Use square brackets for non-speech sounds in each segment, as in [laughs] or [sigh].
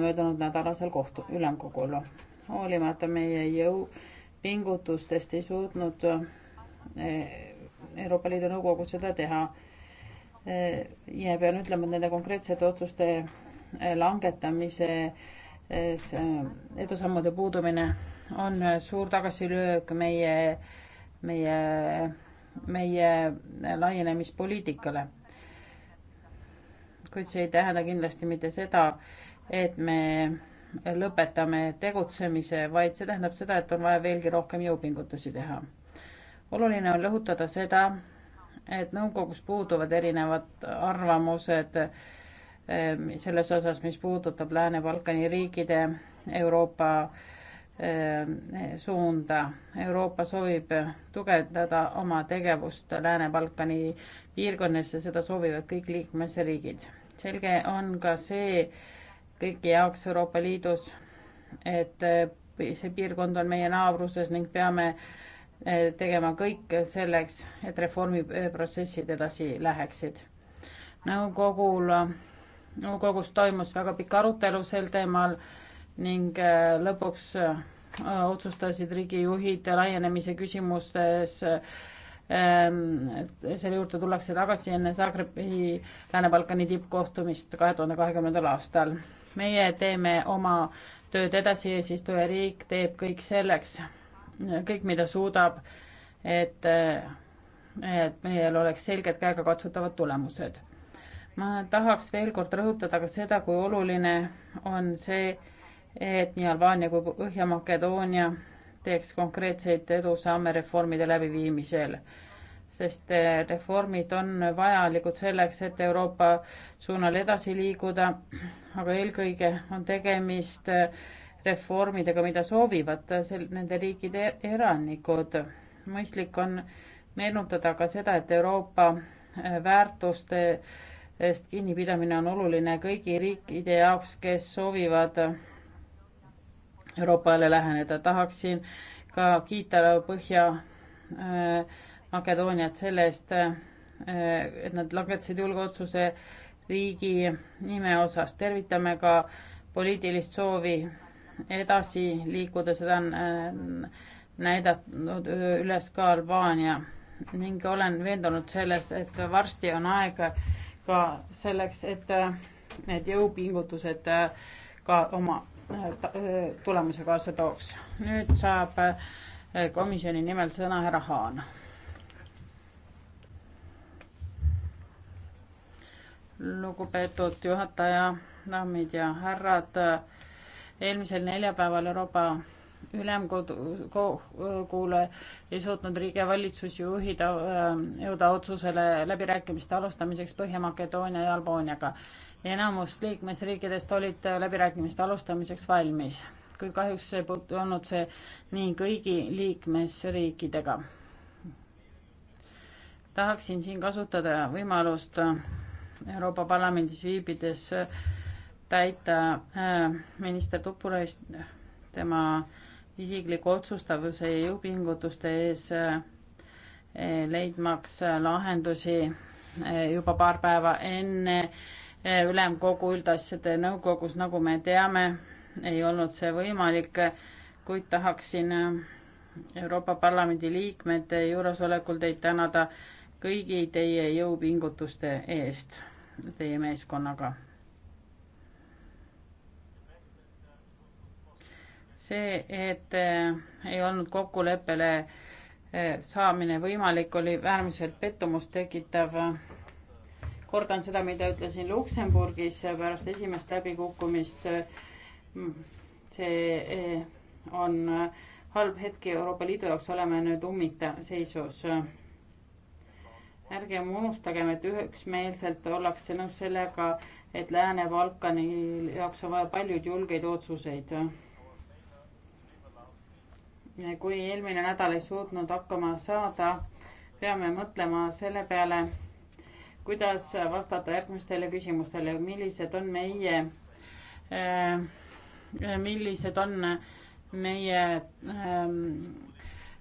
möödunud nädalasel kohtu, ülemkogul. hoolimata meie jõupingutustest ei suutnud eh, Euroopa Liidu Nõukogu seda teha. Eh, ja pean ütlema, et nende konkreetsete otsuste eh, langetamise edusammude puudumine on suur tagasilöök meie, meie, meie laienemispoliitikale. kuid see ei tähenda kindlasti mitte seda, et me lõpetame tegutsemise, vaid see tähendab seda, et on vaja veelgi rohkem jõupingutusi teha. oluline on rõhutada seda, et nõukogus puuduvad erinevad arvamused ehm, selles osas, mis puudutab Lääne-Balkani riikide Euroopa ehm, suunda. Euroopa soovib tugevdada oma tegevust Lääne-Balkani piirkonnas ja seda soovivad kõik liikmesriigid. selge on ka see, kõigi jaoks Euroopa Liidus, et äh, see piirkond on meie naabruses ning peame äh, tegema kõik selleks, et reformiprotsessid edasi läheksid. nõukogul, nõukogus toimus väga pikk arutelu sel teemal ning äh, lõpuks otsustasid riigijuhid laienemise küsimustes ähm, selle juurde tullakse tagasi enne Zagrebi Lääne-Balkani tippkohtumist kahe tuhande kahekümnendal aastal meie teeme oma tööd edasi, eesistujariik teeb kõik selleks, kõik, mida suudab, et, et meil oleks selged käegakatsutavad tulemused. ma tahaks veel kord rõhutada ka seda, kui oluline on see, et nii Albaania kui Põhja-Makedoonia teeks konkreetseid edusamme reformide läbiviimisel sest eh, reformid on vajalikud selleks, et Euroopa suunal edasi liiguda, aga eelkõige on tegemist eh, reformidega, mida soovivad eh, sel-, nende riikide elanikud. mõistlik on meenutada ka seda, et Euroopa väärtuste eest kinnipidamine on oluline kõigi riikide jaoks, kes soovivad Euroopale läheneda. tahaksin ka kiita Põhja äh, Makedooniat selle eest, eh, et nad langetasid julge otsuse riigi nime osas. tervitame ka poliitilist soovi edasi liikuda, seda on eh, näidanud üles ka Albaania ning olen veendunud selles, et varsti on aeg ka selleks, et eh, need jõupingutused ka oma tulemuse kaasa tooks. nüüd saab komisjoni nimel sõna härra Haan lugupeetud juhataja, daamid ja härrad. eelmisel neljapäeval Euroopa ülemkogule ei suutnud riigi valitsus juhida, äh, jõuda otsusele läbirääkimiste alustamiseks Põhja-Makedoonia ja Albaaniaga. enamus liikmesriikidest olid läbirääkimiste alustamiseks valmis, kuid kahjuks ei olnud see nii kõigi liikmesriikidega. tahaksin siin kasutada võimalust Euroopa Parlamendis viibides äh, täita äh, minister Tupulaist äh, tema isikliku otsustavuse ja jõupingutuste ees leidmaks lahendusi juba paar päeva enne ülemkogu üldasjade nõukogus, nagu me teame, ei olnud see võimalik, kuid tahaksin Euroopa Parlamendi liikmete juuresolekul teid tänada kõigi teie jõupingutuste eest teie meeskonnaga. see, et eh, ei olnud kokkuleppele eh, saamine võimalik, oli äärmiselt pettumust tekitav. kordan seda, mida ütlesin Luksemburgis pärast esimest läbikukkumist. see eh, on halb hetk Euroopa Liidu jaoks, oleme nüüd ummikseisus ärgem unustagem, et üheksmeelselt ollakse nõus sellega, et Lääne-Balkani jaoks on vaja paljud julgeid otsuseid. kui eelmine nädal ei suutnud hakkama saada, peame mõtlema selle peale, kuidas vastata järgmistele küsimustele, millised on meie, äh, millised on meie ähm,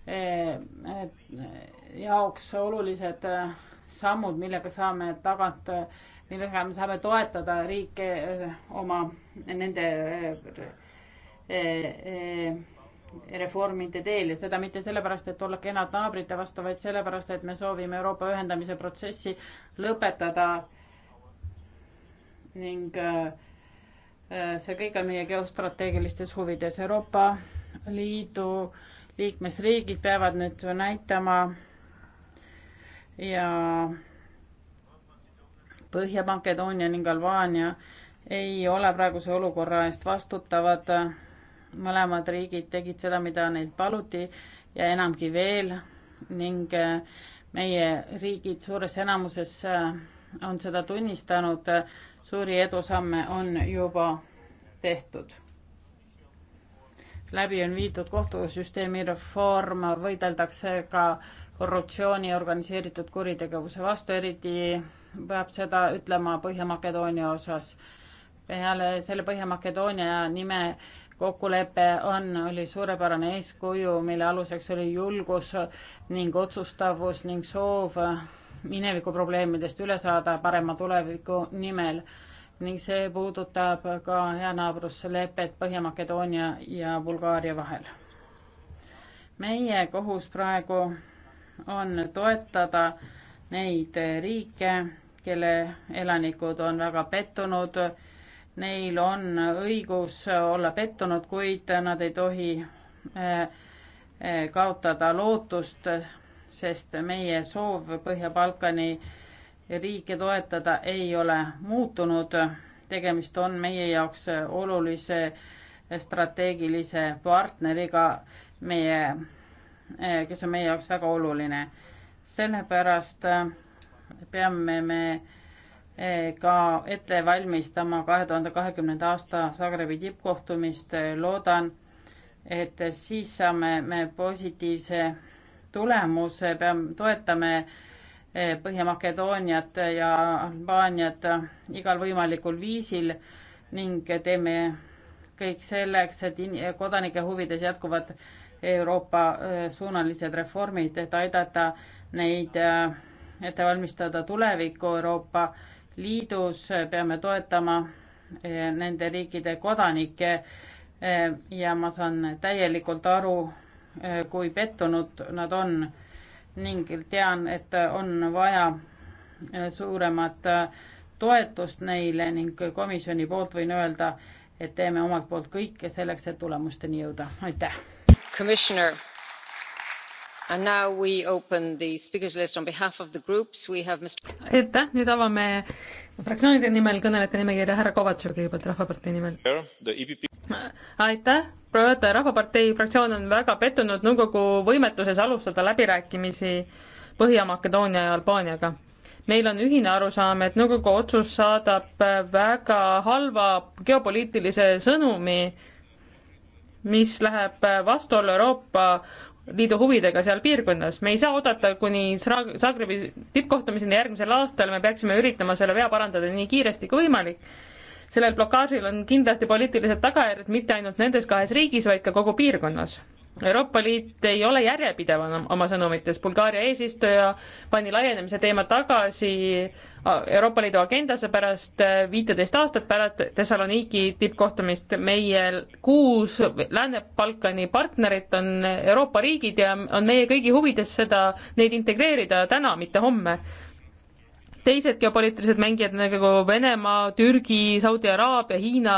äh, äh, jaoks olulised äh, sammud, millega saame tagant, äh, millega me saame toetada riike äh, oma nende reformide teel ja seda mitte sellepärast, et olla kenad naabrite vastu, vaid sellepärast, et me soovime Euroopa ühendamise protsessi lõpetada. ning see kõik on meie geostrateegilistes huvides. Euroopa Liidu liikmesriigid peavad nüüd näitama ja Põhja-Makedoonia ning Albaania ei ole praeguse olukorra eest vastutavad. mõlemad riigid tegid seda, mida neilt paluti ja enamgi veel ning äh, meie riigid suures enamuses äh, on seda tunnistanud. suuri edusamme on juba tehtud. läbi on viidud kohtusüsteemi reform, võideldakse ka korruptsiooni ja organiseeritud kuritegevuse vastu, eriti peab seda ütlema Põhja-Makedoonia osas. peale selle Põhja-Makedoonia nime kokkulepe on, oli suurepärane eeskuju, mille aluseks oli julgus ning otsustavus ning soov mineviku probleemidest üle saada parema tuleviku nimel ning see puudutab ka heanaabruslepet Põhja-Makedoonia ja Bulgaaria vahel. meie kohus praegu on toetada neid riike, kelle elanikud on väga pettunud. Neil on õigus olla pettunud, kuid nad ei tohi eh, eh, kaotada lootust, sest meie soov Põhja-Balkani riike toetada ei ole muutunud. tegemist on meie jaoks olulise strateegilise partneriga meie Eh, kes on meie jaoks väga oluline. sellepärast eh, peame me eh, ka ette valmistama kahe tuhande kahekümnenda aasta Zagrebi tippkohtumist. loodan, et siis saame me positiivse tulemuse, peame, toetame Põhja-Makedooniat ja Albaaniat igal võimalikul viisil ning teeme kõik selleks, et kodanike huvides jätkuvad Euroopa äh, suunalised reformid, et aidata neid äh, ette valmistada tulevikku Euroopa Liidus, peame toetama äh, nende riikide kodanikke ja ma saan täielikult aru, kui pettunud nad on ning tean, et on vaja suuremat toetust neile ning komisjoni poolt võin öelda, et teeme omalt poolt kõike selleks, et tulemusteni jõuda. aitäh! commissioner aitäh nüüd avame fraktsioonide nimel kõnelejate nimekirja härra kovatšev kõigepealt rahvapartei nimel e aitäh proua juhataja rahvapartei fraktsioon on väga pettunud nõukogu võimetuses alustada läbirääkimisi põhja-makedoonia ja albaaniaga meil on ühine arusaam et nõukogu otsus saadab väga halva geopoliitilise sõnumi mis läheb vastuollu Euroopa Liidu huvidega seal piirkonnas. me ei saa oodata, kuni Zagrebi tippkohtumiseni järgmisel aastal, me peaksime üritama selle vea parandada nii kiiresti kui võimalik. sellel blokaažil on kindlasti poliitilised tagajärjed mitte ainult nendes kahes riigis, vaid ka kogu piirkonnas. Euroopa Liit ei ole järjepidev oma sõnumites. Bulgaaria eesistuja pani laienemise teema tagasi Euroopa Liidu agendasse pärast äh, viiteist aastat pärast Thessaloniki tippkohtumist. meie kuus Lääne-Balkani partnerit on Euroopa riigid ja on meie kõigi huvides seda, neid integreerida täna, mitte homme teised geopoliitilised mängijad nagu Venemaa, Türgi, Saudi Araabia, Hiina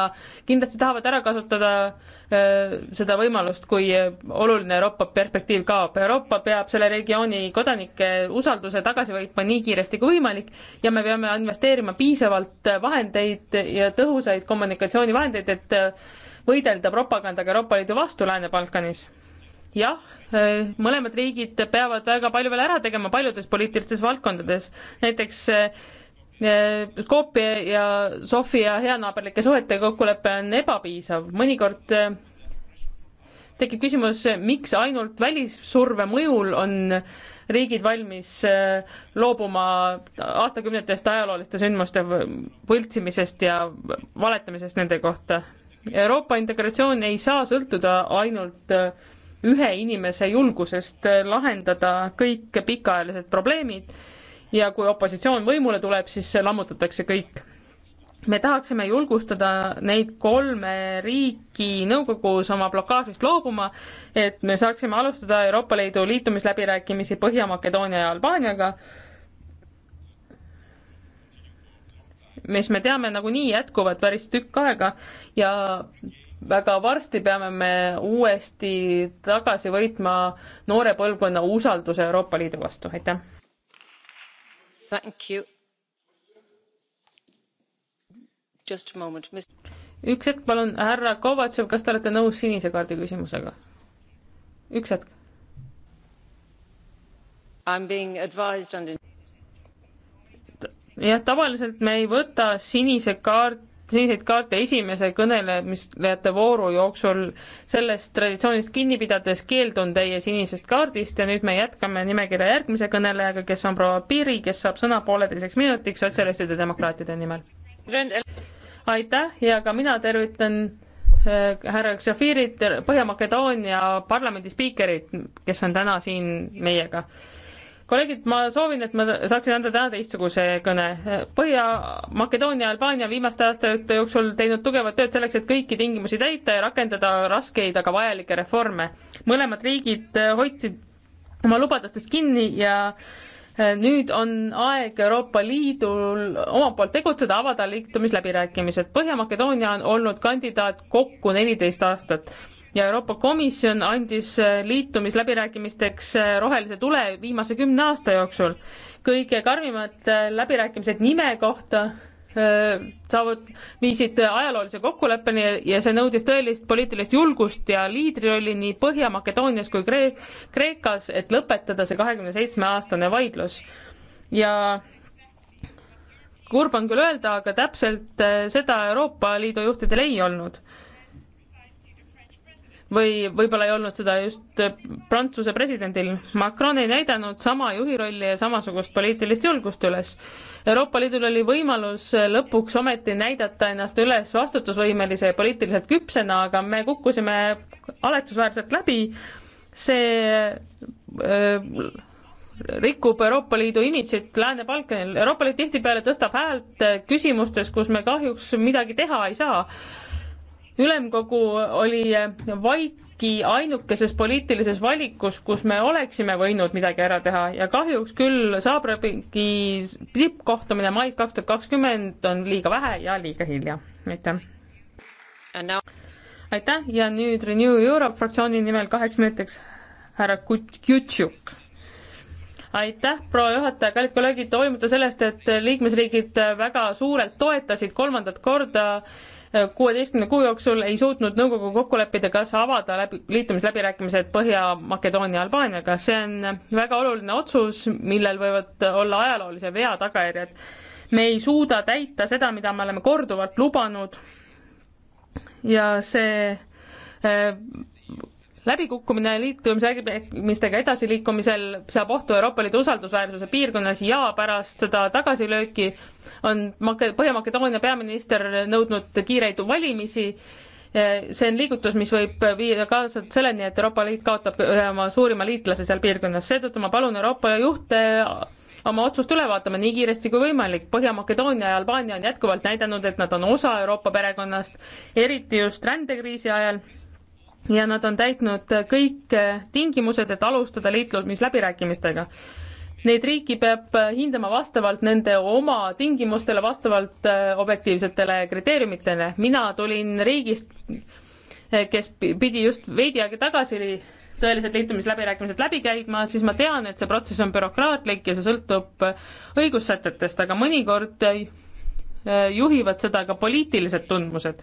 kindlasti tahavad ära kasutada äh, seda võimalust, kui oluline Euroopa perspektiiv kaob. Euroopa peab selle regiooni kodanike usalduse tagasi võitma nii kiiresti kui võimalik ja me peame investeerima piisavalt vahendeid ja tõhusaid kommunikatsioonivahendeid, et võidelda propagandaga Euroopa Liidu vastu Lääne-Balkanis. jah, Äh, mõlemad riigid peavad väga palju veel ära tegema paljudes poliitilistes valdkondades, näiteks äh, äh, Skopje ja Sofia heanaaberlike suhete kokkulepe on ebapiisav, mõnikord tekib küsimus, miks ainult välissurve mõjul on riigid valmis loobuma aastakümnetest ajalooliste sündmuste võltsimisest ja valetamisest nende kohta. Euroopa integratsioon ei saa sõltuda ainult ühe inimese julgusest lahendada kõik pikaajalised probleemid ja kui opositsioon võimule tuleb, siis lammutatakse kõik. me tahaksime julgustada neid kolme riiki nõukogus oma blokaažist loobuma, et me saaksime alustada Euroopa Liidu liitumisläbirääkimisi Põhja-Makedoonia ja Albaaniaga, mis me teame nagunii jätkuvad päris tükk aega ja väga varsti peame me uuesti tagasi võitma noore põlvkonna usalduse Euroopa Liidu vastu, aitäh. üks hetk, palun, härra Kovatšev, kas te olete nõus sinise kaardi küsimusega? üks hetk. jah, tavaliselt me ei võta sinise kaarti selliseid kaarte esimese kõnelejate vooru jooksul sellest traditsioonist kinni pidades keeldun teie sinisest kaardist ja nüüd me jätkame nimekirja järgmise kõnelejaga, kes on proua Piiri, kes saab sõna pooleteiseks minutiks sotsialistide demokraatide nimel. aitäh ja ka mina tervitan äh, härra Xafirit, Põhja-Makedoonia parlamendi spiikerit, kes on täna siin meiega kolleegid, ma soovin, et ma saaksin anda täna teistsuguse kõne. Põhja-Makedoonia, Albaania viimaste aastate jooksul teinud tugevat tööd selleks, et kõiki tingimusi täita ja rakendada raskeid, aga vajalikke reforme. mõlemad riigid hoidsid oma lubadustest kinni ja eh, nüüd on aeg Euroopa Liidul omalt poolt tegutseda, avada liitumisläbirääkimised. Põhja-Makedoonia on olnud kandidaat kokku neliteist aastat ja Euroopa Komisjon andis äh, liitumisläbirääkimisteks äh, rohelise tule viimase kümne aasta jooksul. kõige karmimad äh, läbirääkimised nime kohta saavut-, viisid ajaloolise kokkuleppeni ja see nõudis tõelist poliitilist julgust ja liidrirolli nii Põhja-Makedoonias kui Kree-, Kreekas, et lõpetada see kahekümne seitsme aastane vaidlus. ja kurb on küll öelda, aga täpselt seda Euroopa Liidu juhtidel ei olnud või võib-olla ei olnud seda just äh, Prantsuse presidendil. Macron ei näidanud sama juhi rolli ja samasugust poliitilist julgust üles. Euroopa Liidul oli võimalus äh, lõpuks ometi näidata ennast üles vastutusvõimelise ja poliitiliselt küpsena, aga me kukkusime aletsusväärselt läbi. see öö, äh, rikub Euroopa Liidu imidžit Lääne-Balkanil. Euroopa Liit tihtipeale tõstab häält küsimustes, kus me kahjuks midagi teha ei saa ülemkogu oli äh, vaiki ainukeses poliitilises valikus, kus me oleksime võinud midagi ära teha ja kahjuks küll Zagrebi tippkohtumine mais kaks tuhat kakskümmend on liiga vähe ja liiga hilja. aitäh. aitäh ja nüüd Renew Europe fraktsiooni nimel kaheks minutiks härra Kutjutšuk aitäh, proua juhataja, kallid kolleegid, hoolimata sellest, et liikmesriigid väga suurelt toetasid kolmandat korda äh, kuueteistkümne kuu jooksul ei suutnud nõukogu kokku leppida, kas avada läbi, liitumisläbirääkimised Põhja-Makedoonia Albaaniaga. see on väga oluline otsus, millel võivad olla ajaloolise vea tagajärjed. me ei suuda täita seda, mida me oleme korduvalt lubanud ja see eh, läbikukkumine liitumisläbirääkimistega edasiliikumisel saab ohtu Euroopa Liidu usaldusväärsuse piirkonnas ja pärast seda tagasilööki on Põhja-Makedoonia peaminister nõudnud kiireid valimisi. see on liigutus, mis võib viia kaasa selleni, et Euroopa Liit kaotab ühe oma suurima liitlase seal piirkonnas, seetõttu ma palun Euroopa juhte oma otsust üle vaatama nii kiiresti kui võimalik. Põhja-Makedoonia ja Albaania on jätkuvalt näidanud, et nad on osa Euroopa perekonnast, eriti just rändekriisi ajal ja nad on täitnud kõik tingimused, et alustada liitumisläbirääkimistega. Neid riiki peab hindama vastavalt nende oma tingimustele, vastavalt äh, objektiivsetele kriteeriumitele. mina tulin riigist, äh, kes pidi just veidi aega tagasi tõelised liitumisläbirääkimised läbi käima, siis ma tean, et see protsess on bürokraatlik ja see sõltub äh, õigussätetest, aga mõnikord juhivad seda ka poliitilised tundmused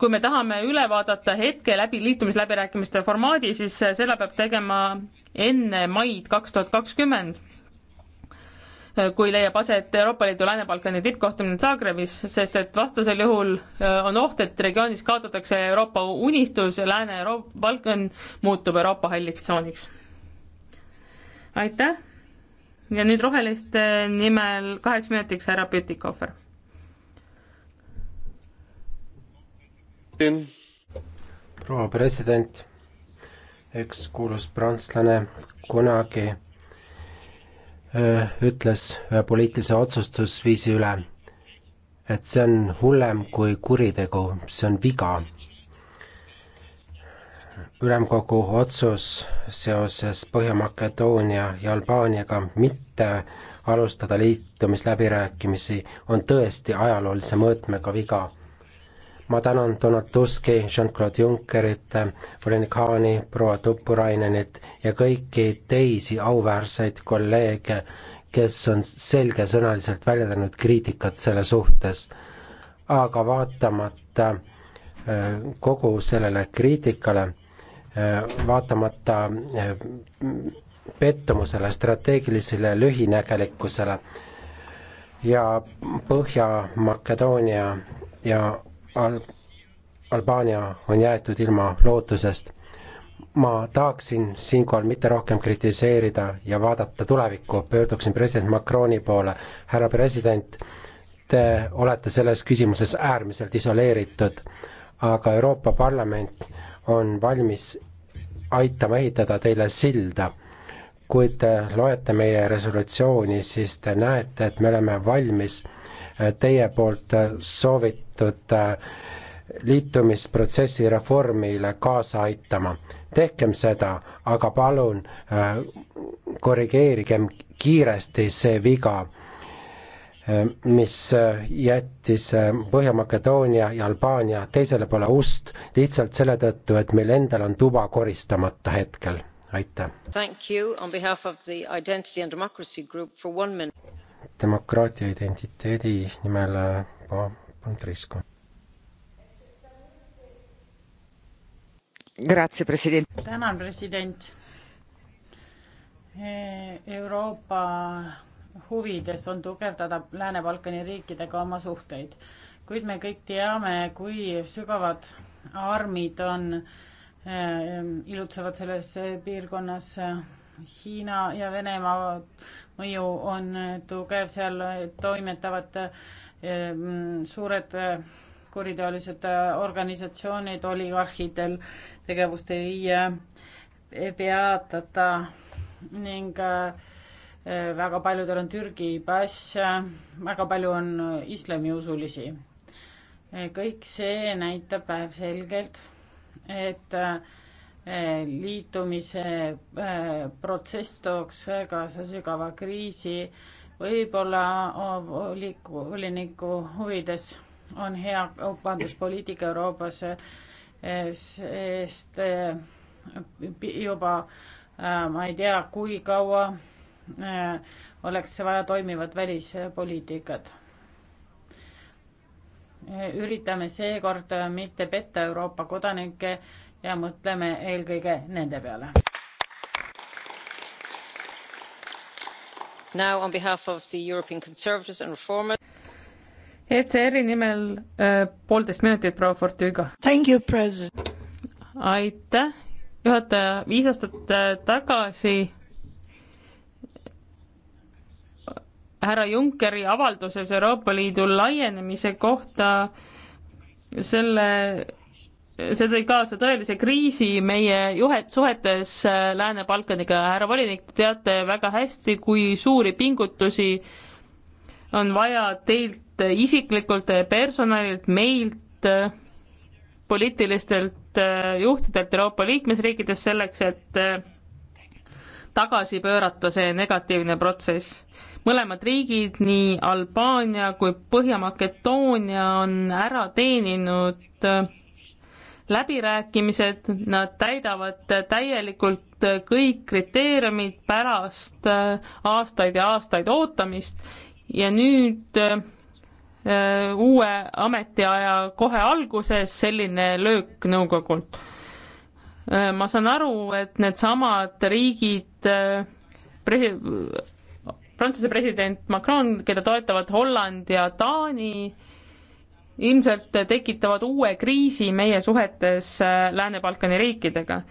kui me tahame üle vaadata hetke läbi liitumisläbirääkimiste formaadi, siis seda peab tegema enne maid kaks tuhat kakskümmend, kui leiab aset Euroopa Liidu Lääne-Balkani tippkohtumine Zagrebis, sest et vastasel juhul äh, on oht, et regioonis kaotatakse Euroopa unistus ja Lääne-Balkan muutub Euroopa halliks tsooniks. aitäh ja nüüd roheliste nimel kaheks minutiks härra Pütikohver proua president, üks kuulus prantslane kunagi öö, äh, ütles ühe poliitilise otsustusviisi üle, et see on hullem kui kuritegu, see on viga. ülemkogu otsus seoses Põhja-Makedoonia ja Albaaniaga mitte alustada liitumisläbirääkimisi on tõesti ajaloolise mõõtmega viga ma tänan Donald Tuski, Jean-Claude Junckerit, volinik Haani, proua Tuppurainenit ja kõiki teisi auväärseid kolleege, kes on selgesõnaliselt väljendanud kriitikat selle suhtes. aga vaatamata äh, kogu sellele kriitikale, äh, vaatamata äh, pettumusele, strateegilisele lühinägelikkusele ja Põhja-Makedoonia ja Al-, Albaania on jäetud ilma lootusest. ma tahaksin siinkohal mitte rohkem kritiseerida ja vaadata tulevikku, pöörduksin president Macroni poole. härra president, te olete selles küsimuses äärmiselt isoleeritud, aga Euroopa Parlament on valmis aitama ehitada teile silda. kui te loete meie resolutsiooni, siis te näete, et me oleme valmis teie poolt soovitud liitumisprotsessi reformile kaasa aitama. tehkem seda, aga palun äh, korrigeerigem kiiresti see viga, äh, mis äh, jättis Põhja-Makedoonia ja Albaania teisele poole ust lihtsalt selle tõttu, et meil endal on tuba koristamata hetkel aitäh! demokraatia identiteedi nimel pannud risku. tänan, president. E-, Euroopa huvides on tugevdada Lääne-Balkani riikidega oma suhteid, kuid me kõik teame, kui sügavad armid on, e-, ilutsevad selles piirkonnas Hiina ja Venemaa mõju on tugev, seal toimetavad ehm, suured ehm, kuriteolised ehm, organisatsioonid, oligarhidel tegevust ei peatata ning väga paljudel on Türgi pass, väga palju on islamiusulisi. kõik see näitab päevselgelt, et äh, liitumise äh, protsess tooks kaasa sügava kriisi. võib-olla äh, voliniku huvides on hea kaubanduspoliitika Euroopas, äh, sest juba ma ei tea, kui kaua oleks vaja toimivat välispoliitikat. üritame seekord mitte petta Euroopa kodanikke ja mõtleme eelkõige nende peale. Now on behalf of the European Conservatives and Reformers. ECR-i nimel äh, poolteist minutit proua Fortüga. Thank you, president. aitäh, juhataja, viis aastat äh, tagasi härra Junckeri avalduses Euroopa Liidu laienemise kohta selle see tõi kaasa tõelise kriisi meie juhet suhetes äh, Lääne-Balkaniga. härra volinik, te teate väga hästi, kui suuri pingutusi on vaja teilt isiklikult, personalilt, meilt, äh, poliitilistelt äh, juhtidelt Euroopa liikmesriikides selleks, et tagasi pöörata see negatiivne protsess. mõlemad riigid, nii Albaania kui Põhja-Makedoonia on ära teeninud läbirääkimised, nad täidavad täielikult kõik kriteeriumid pärast äh, aastaid ja aastaid ootamist ja nüüd äh, uue ametiaja kohe alguses selline löök nõukogult. Äh, ma saan aru, et needsamad riigid presi-, Prantsuse president Macron, keda toetavad Holland ja Taani, ilmselt tekitavad uue kriisi meie suhetes äh, Lääne-Balkani riikidega.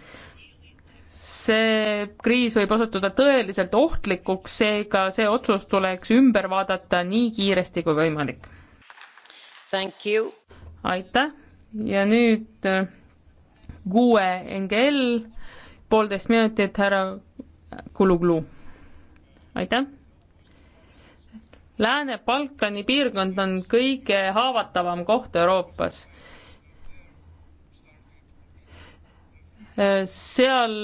see kriis võib osutuda tõeliselt ohtlikuks, seega see otsus tuleks ümber vaadata nii kiiresti kui võimalik. aitäh ja nüüd äh, Gue Engel, poolteist minutit, härra Kuluglu. aitäh Lääne-Balkani piirkond on kõige haavatavam koht Euroopas. seal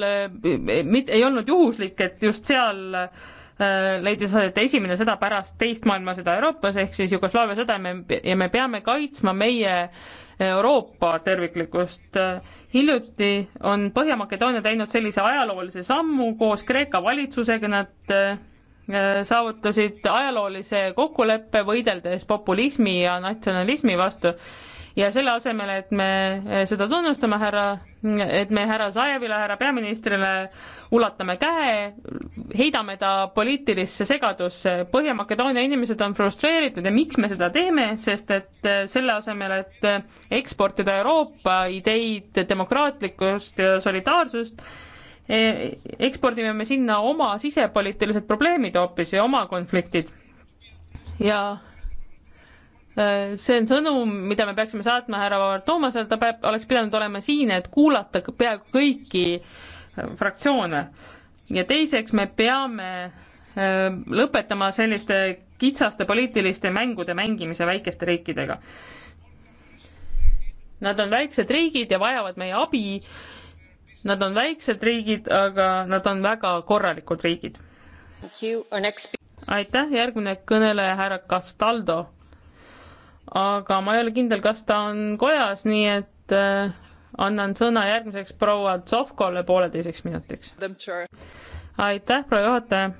mit, ei olnud juhuslik, et just seal äh, leidis aset esimene sõda pärast teist maailmasõda Euroopas ehk siis Jugoslaavia sõda ja me, ja me peame kaitsma meie Euroopa terviklikkust. hiljuti on Põhja-Makedoonia teinud sellise ajaloolise sammu koos Kreeka valitsusega, nad äh, Äh, saavutasid ajaloolise kokkuleppe, võideldes populismi ja natsionalismi vastu. ja selle asemel, et me äh, seda tunnustame, härra, et me härra Zajevile, härra peaministrile ulatame käe, heidame ta poliitilisse segadusse. Põhja-Makedoonia inimesed on frustreeritud ja miks me seda teeme, sest et äh, selle asemel, et eksportida Euroopa ideid demokraatlikkust ja solidaarsust, E, ekspordime me sinna oma sisepoliitilised probleemid hoopis ja oma konfliktid. ja e, see on sõnum, mida me peaksime saatma härra Toomasel, ta peab, oleks pidanud olema siin, et kuulata peaaegu kõiki e, fraktsioone. ja teiseks, me peame lõpetama selliste kitsaste poliitiliste mängude mängimise väikeste riikidega. Nad on väiksed riigid ja vajavad meie abi Nad on väiksed riigid, aga nad on väga korralikud riigid. aitäh, järgmine kõneleja, härra Castaldo. aga ma ei ole kindel, kas ta on kojas, nii et äh, annan sõna järgmiseks proua Tsovkole pooleteiseks minutiks. aitäh, proua juhataja.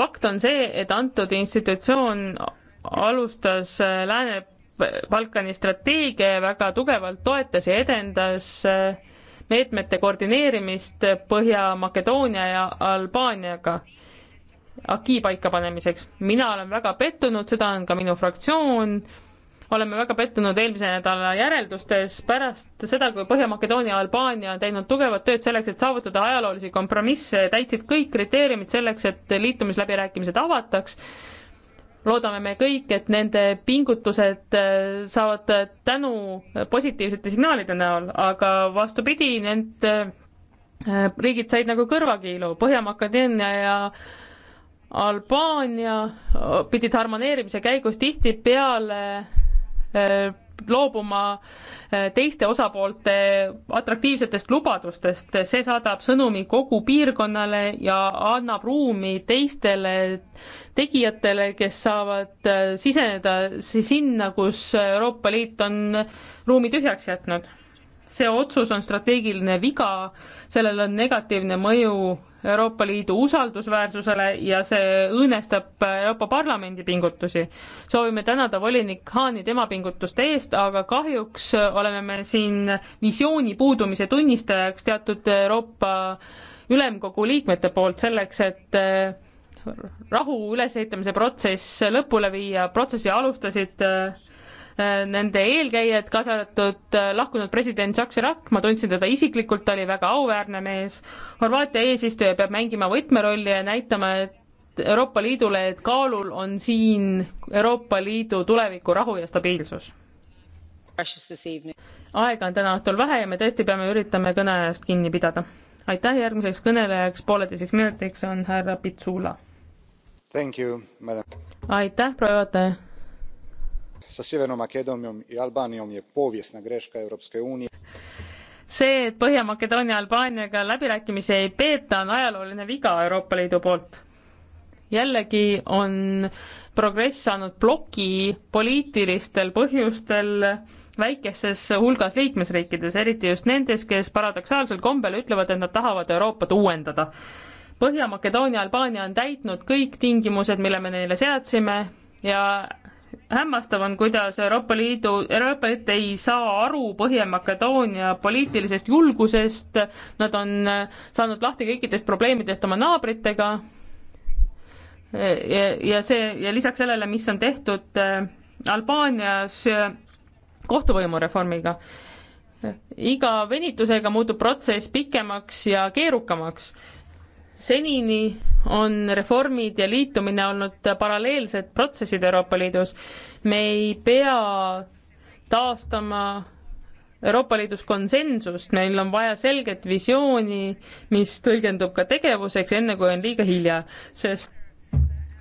fakt on see, et antud institutsioon alustas äh, Lääne Balkani strateegia väga tugevalt toetas ja edendas äh, meetmete koordineerimist Põhja-Makedoonia ja Albaaniaga aki paikapanemiseks. mina olen väga pettunud, seda on ka minu fraktsioon, oleme väga pettunud eelmise nädala järeldustes pärast seda, kui Põhja-Makedoonia ja Albaania on teinud tugevat tööd selleks, et saavutada ajaloolisi kompromisse, täitsid kõik kriteeriumid selleks, et liitumisläbirääkimised avataks loodame me kõik, et nende pingutused äh, saavad tänu positiivsete signaalide näol, aga vastupidi, need äh, riigid said nagu kõrvakiilu, Põhja-Makedoonia ja Albaania pidid harmoneerimise käigus tihtipeale äh, loobuma äh, teiste osapoolte atraktiivsetest lubadustest, see saadab sõnumi kogu piirkonnale ja annab ruumi teistele tegijatele, kes saavad äh, siseneda sinna, kus Euroopa Liit on ruumi tühjaks jätnud. see otsus on strateegiline viga, sellel on negatiivne mõju Euroopa Liidu usaldusväärsusele ja see õõnestab Euroopa Parlamendi pingutusi. soovime tänada volinik Haani tema pingutuste eest, aga kahjuks oleme me siin visiooni puudumise tunnistajaks teatud Euroopa Ülemkogu liikmete poolt selleks, et eh, rahu ülesehitamise protsess lõpule viia, protsessi alustasid äh, nende eelkäijad, kaasa arvatud äh, lahkunud president Jacques Chirac, ma tundsin teda isiklikult, ta oli väga auväärne mees. Horvaatia eesistuja peab mängima võtmerolli ja näitama, et Euroopa Liidule, et kaalul on siin Euroopa Liidu tuleviku rahu ja stabiilsus. aega on täna õhtul vähe ja me tõesti peame üritama kõneajast kinni pidada. aitäh, järgmiseks kõnelejaks pooleteiseks minutiks on härra Pitsula. aitäh, proua juhataja sa sjevernom makedonijom i albanijom je povijesna greška europske unije see, et Põhja-Makedoonia Albaaniaga läbirääkimisi ei peeta, on ajalooline viga Euroopa Liidu poolt. jällegi on progress saanud ploki poliitilistel põhjustel väikeses hulgas liikmesriikides, eriti just nendes, kes paradoksaalsel kombel ütlevad, et nad tahavad Euroopat uuendada. Põhja-Makedoonia Albaania on täitnud kõik tingimused, mille me neile seadsime ja hämmastav on, kuidas Euroopa Liidu, Euroopa Liit ei saa aru Põhja-Makedoonia poliitilisest julgusest, nad on saanud lahti kõikidest probleemidest oma naabritega ja, ja see, ja lisaks sellele, mis on tehtud äh, Albaanias äh, kohtuvõimu reformiga, iga venitusega muutub protsess pikemaks ja keerukamaks senini on reformid ja liitumine olnud paralleelsed protsessid Euroopa Liidus. me ei pea taastama Euroopa Liidus konsensust, meil on vaja selget visiooni, mis tõlgendub ka tegevuseks, enne kui on liiga hilja, sest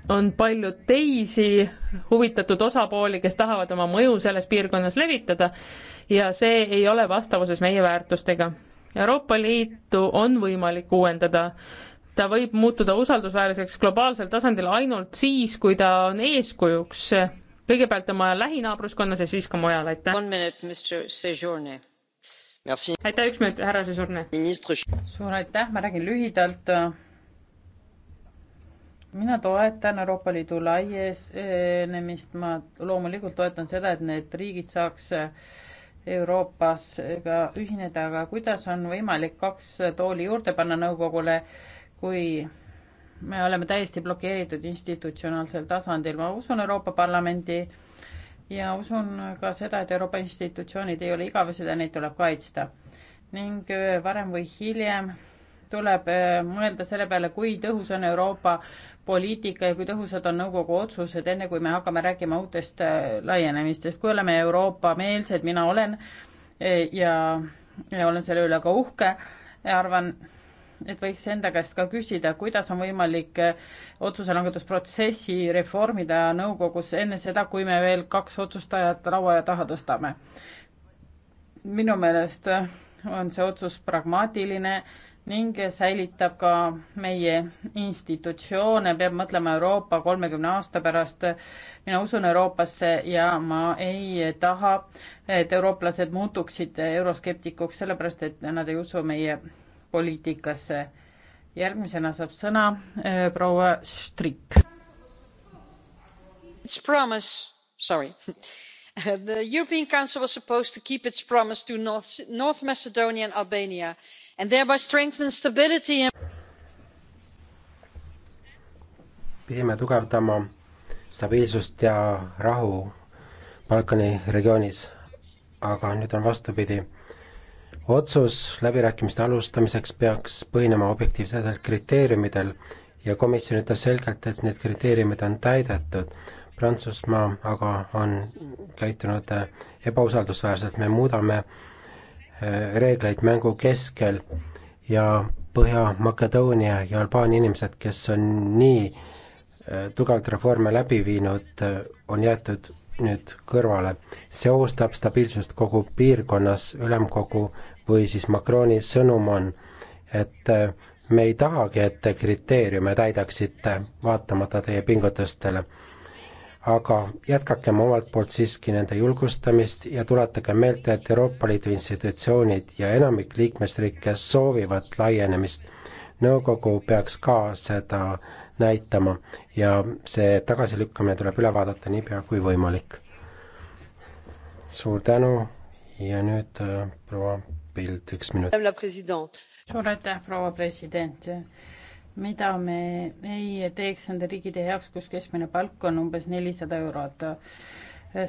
on palju teisi huvitatud osapooli, kes tahavad oma mõju selles piirkonnas levitada ja see ei ole vastavuses meie väärtustega. Euroopa Liitu on võimalik uuendada ta võib muutuda usaldusväärseks globaalsel tasandil ainult siis, kui ta on eeskujuks kõigepealt oma lähinaabruskonnas ja siis ka mujal, aitäh. aitäh, üks minut, härra Sejourne. suur aitäh, ma räägin lühidalt. mina toetan Euroopa Liidu laienemist, ma loomulikult toetan seda, et need riigid saaks Euroopas ka ühineda, aga kuidas on võimalik kaks tooli juurde panna nõukogule kui me oleme täiesti blokeeritud institutsionaalsel tasandil, ma usun Euroopa Parlamendi ja usun ka seda, et Euroopa institutsioonid ei ole igavesed ja neid tuleb kaitsta. ning varem või hiljem tuleb mõelda selle peale, kui tõhus on Euroopa poliitika ja kui tõhusad on nõukogu otsused, enne kui me hakkame rääkima uutest laienemistest, kui oleme Euroopa-meelsed, mina olen e, ja, ja olen selle üle ka uhke, arvan, et võiks enda käest ka küsida, kuidas on võimalik äh, otsuse langetusprotsessi reformida nõukogus enne seda, kui me veel kaks otsustajat laua taha tõstame. minu meelest äh, on see otsus pragmaatiline ning säilitab ka meie institutsioone, peab mõtlema Euroopa kolmekümne aasta pärast. mina usun Euroopasse ja ma ei taha, et eurooplased muutuksid euroskeptikuks, sellepärast et nad ei usu meie poliitikasse. järgmisena saab sõna äh, proua Strik. It's promise, sorry [laughs] the european council was supposed to keep its promise to north, north macedonia and albania and thereby strengthen stability and. pidime tugevdama stabiilsust ja rahu Balkani regioonis, aga nüüd on vastupidi otsus läbirääkimiste alustamiseks peaks põhinema objektiivsetel kriteeriumidel ja komisjon ütles selgelt, et need kriteeriumid on täidetud. Prantsusmaa aga on käitunud äh, ebausaldusväärselt, me muudame äh, reegleid mängu keskel ja Põhja-Makedoonia ja Albaania inimesed, kes on nii äh, tugevalt reforme läbi viinud, on jäetud nüüd kõrvale. see ohustab stabiilsust kogu piirkonnas, ülemkogu või siis Macroni sõnum on, et äh, me ei tahagi, et te kriteeriume täidaksite, vaatamata teie pingutustele. aga jätkakem omalt poolt siiski nende julgustamist ja tuletage meelde, et Euroopa Liidu institutsioonid ja enamik liikmesriike soovivad laienemist. nõukogu peaks ka seda näitama ja see tagasilükkamine tuleb üle vaadata niipea kui võimalik. suur tänu ja nüüd äh, proua Bild, üks minut. suur aitäh, proua president. mida me ei teeks nende riigide heaks, kus keskmine palk on umbes nelisada eurot.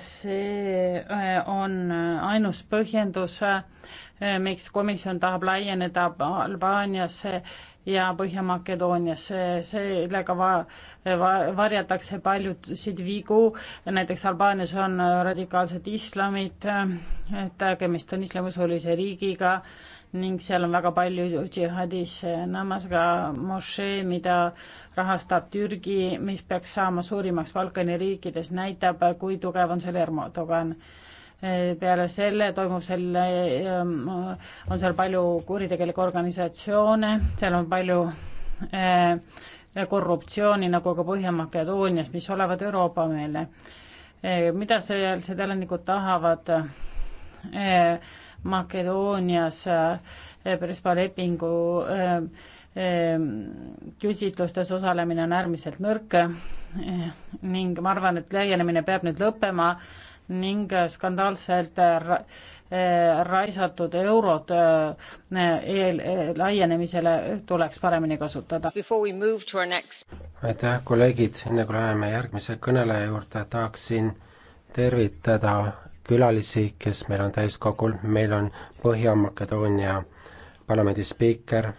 see äh, on ainus põhjendus, äh, miks komisjon tahab laieneda Albaaniasse ja Põhja-Makedoonias, sellega va-, va-, varjatakse paljusid vigu, näiteks Albaanias on radikaalsed islamid, et tegemist on islamisulise riigiga ning seal on väga palju džihadis namazga mošee, mida rahastab Türgi, mis peaks saama suurimaks Balkani riikides, näitab, kui tugev on seal Erdogan peale selle toimub seal, ähm, on seal palju kuritegelikke organisatsioone, seal on palju äh, korruptsiooni, nagu ka Põhja-Makedoonias, mis olevat Euroopa-meelne. Äh, mida sealsed elanikud tahavad? Äh, Makedoonias Prespa lepingu küsitlustes osalemine on äärmiselt nõrk ning ma arvan, et laienemine peab nüüd lõppema ning äh, skandaalselt äh, äh, raisatud eurod eel laienemisele tuleks paremini kasutada. aitäh, kolleegid, enne kui läheme järgmise kõneleja juurde, tahaksin tervitada külalisi, kes meil on täiskogul, meil on Põhja-Makedoonia parlamendi spiiker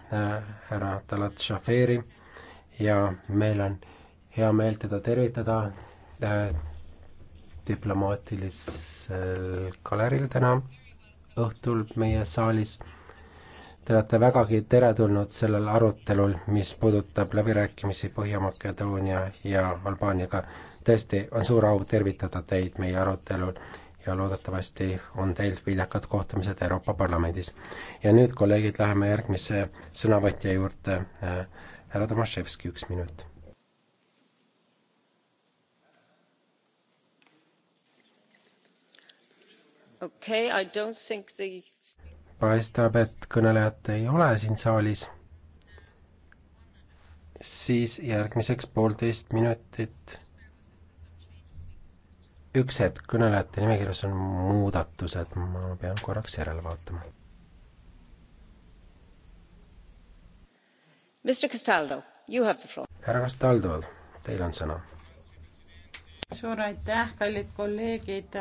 härra Talat Šaferi ja meil on hea meel teda tervitada diplomaatilisel galeril täna õhtul meie saalis. Te olete vägagi teretulnud sellel arutelul, mis puudutab läbirääkimisi Põhja-Makedoonia ja Albaaniaga. tõesti, on suur au tervitada teid meie arutelul ja loodetavasti on teil viljakad kohtumised Euroopa Parlamendis. ja nüüd, kolleegid, läheme järgmise sõnavõtja juurde. Äh, härra Tomaševski, üks minut okei okay,, I don't think the paistab, et kõnelejat ei ole siin saalis. siis järgmiseks poolteist minutit. üks hetk, kõnelejate nimekirjas on muudatused, ma pean korraks järele vaatama. härra Castaldo, teil on sõna. suur aitäh, kallid kolleegid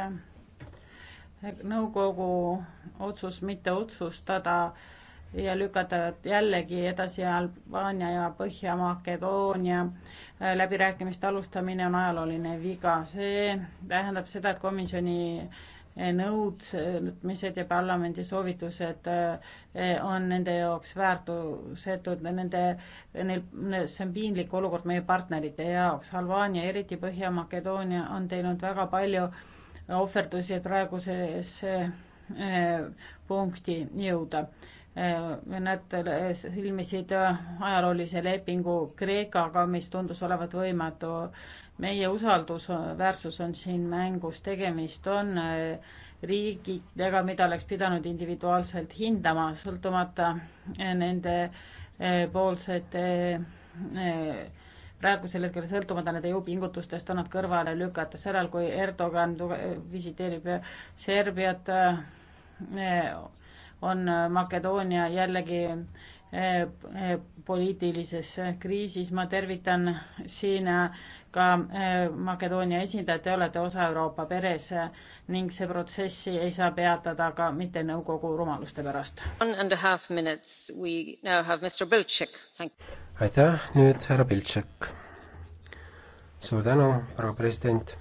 nõukogu otsus mitte otsustada ja lükata jällegi edasi Albaania ja Põhja-Makedoonia läbirääkimiste alustamine on ajalooline viga. see tähendab seda, et komisjoni nõudmised ja parlamendi soovitused eh, on nende jaoks väärtusetud, nende, neil, see on piinlik olukord meie partnerite jaoks. Albaania, eriti Põhja-Makedoonia on teinud väga palju äh, ohverdusi, et praegusesse eh, punkti jõuda. Eh, nad sõlmisid ajaloolise lepingu Kreekaga, mis tundus olevat võimatu. meie usaldusväärsus on siin mängus, tegemist on eh, riigidega, mida oleks pidanud individuaalselt hindama, sõltumata nende poolsete praegusel hetkel sõltumata nende jõupingutustest on nad kõrvale lükata, sellal kui Erdogan visiteerib Serbiat, eh, on Makedoonia jällegi Eh, poliitilises kriisis. ma tervitan siin ka eh, Makedoonia esindajat, te olete osa Euroopa peres ning see protsessi ei saa peatada ka mitte nõukogu rumaluste pärast. aitäh, nüüd härra Piltšek. suur tänu, proua president.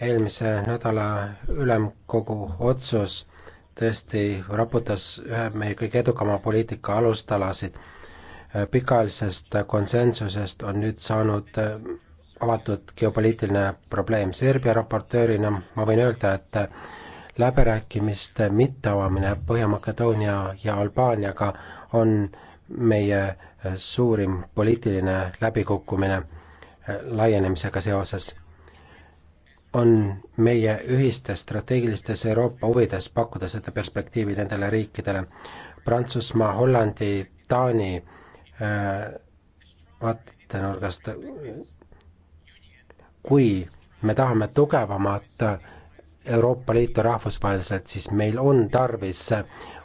eelmise nädala ülemkogu otsus tõesti raputas ühe meie kõige edukama poliitika alustalasid. pikaajalisest konsensusest on nüüd saanud äh, avatud geopoliitiline probleem. Serbia raportöörina ma võin öelda, et läbirääkimiste mitteavamine Põhja-Makedoonia ja Albaaniaga on meie äh, suurim poliitiline läbikukkumine äh, laienemisega seoses on meie ühistes strateegilistes Euroopa huvides pakkuda seda perspektiivi nendele riikidele. Prantsusmaa, Hollandi, Taani äh, vaatenurgast, kui me tahame tugevamat Euroopa Liitu rahvusvaheliselt, siis meil on tarvis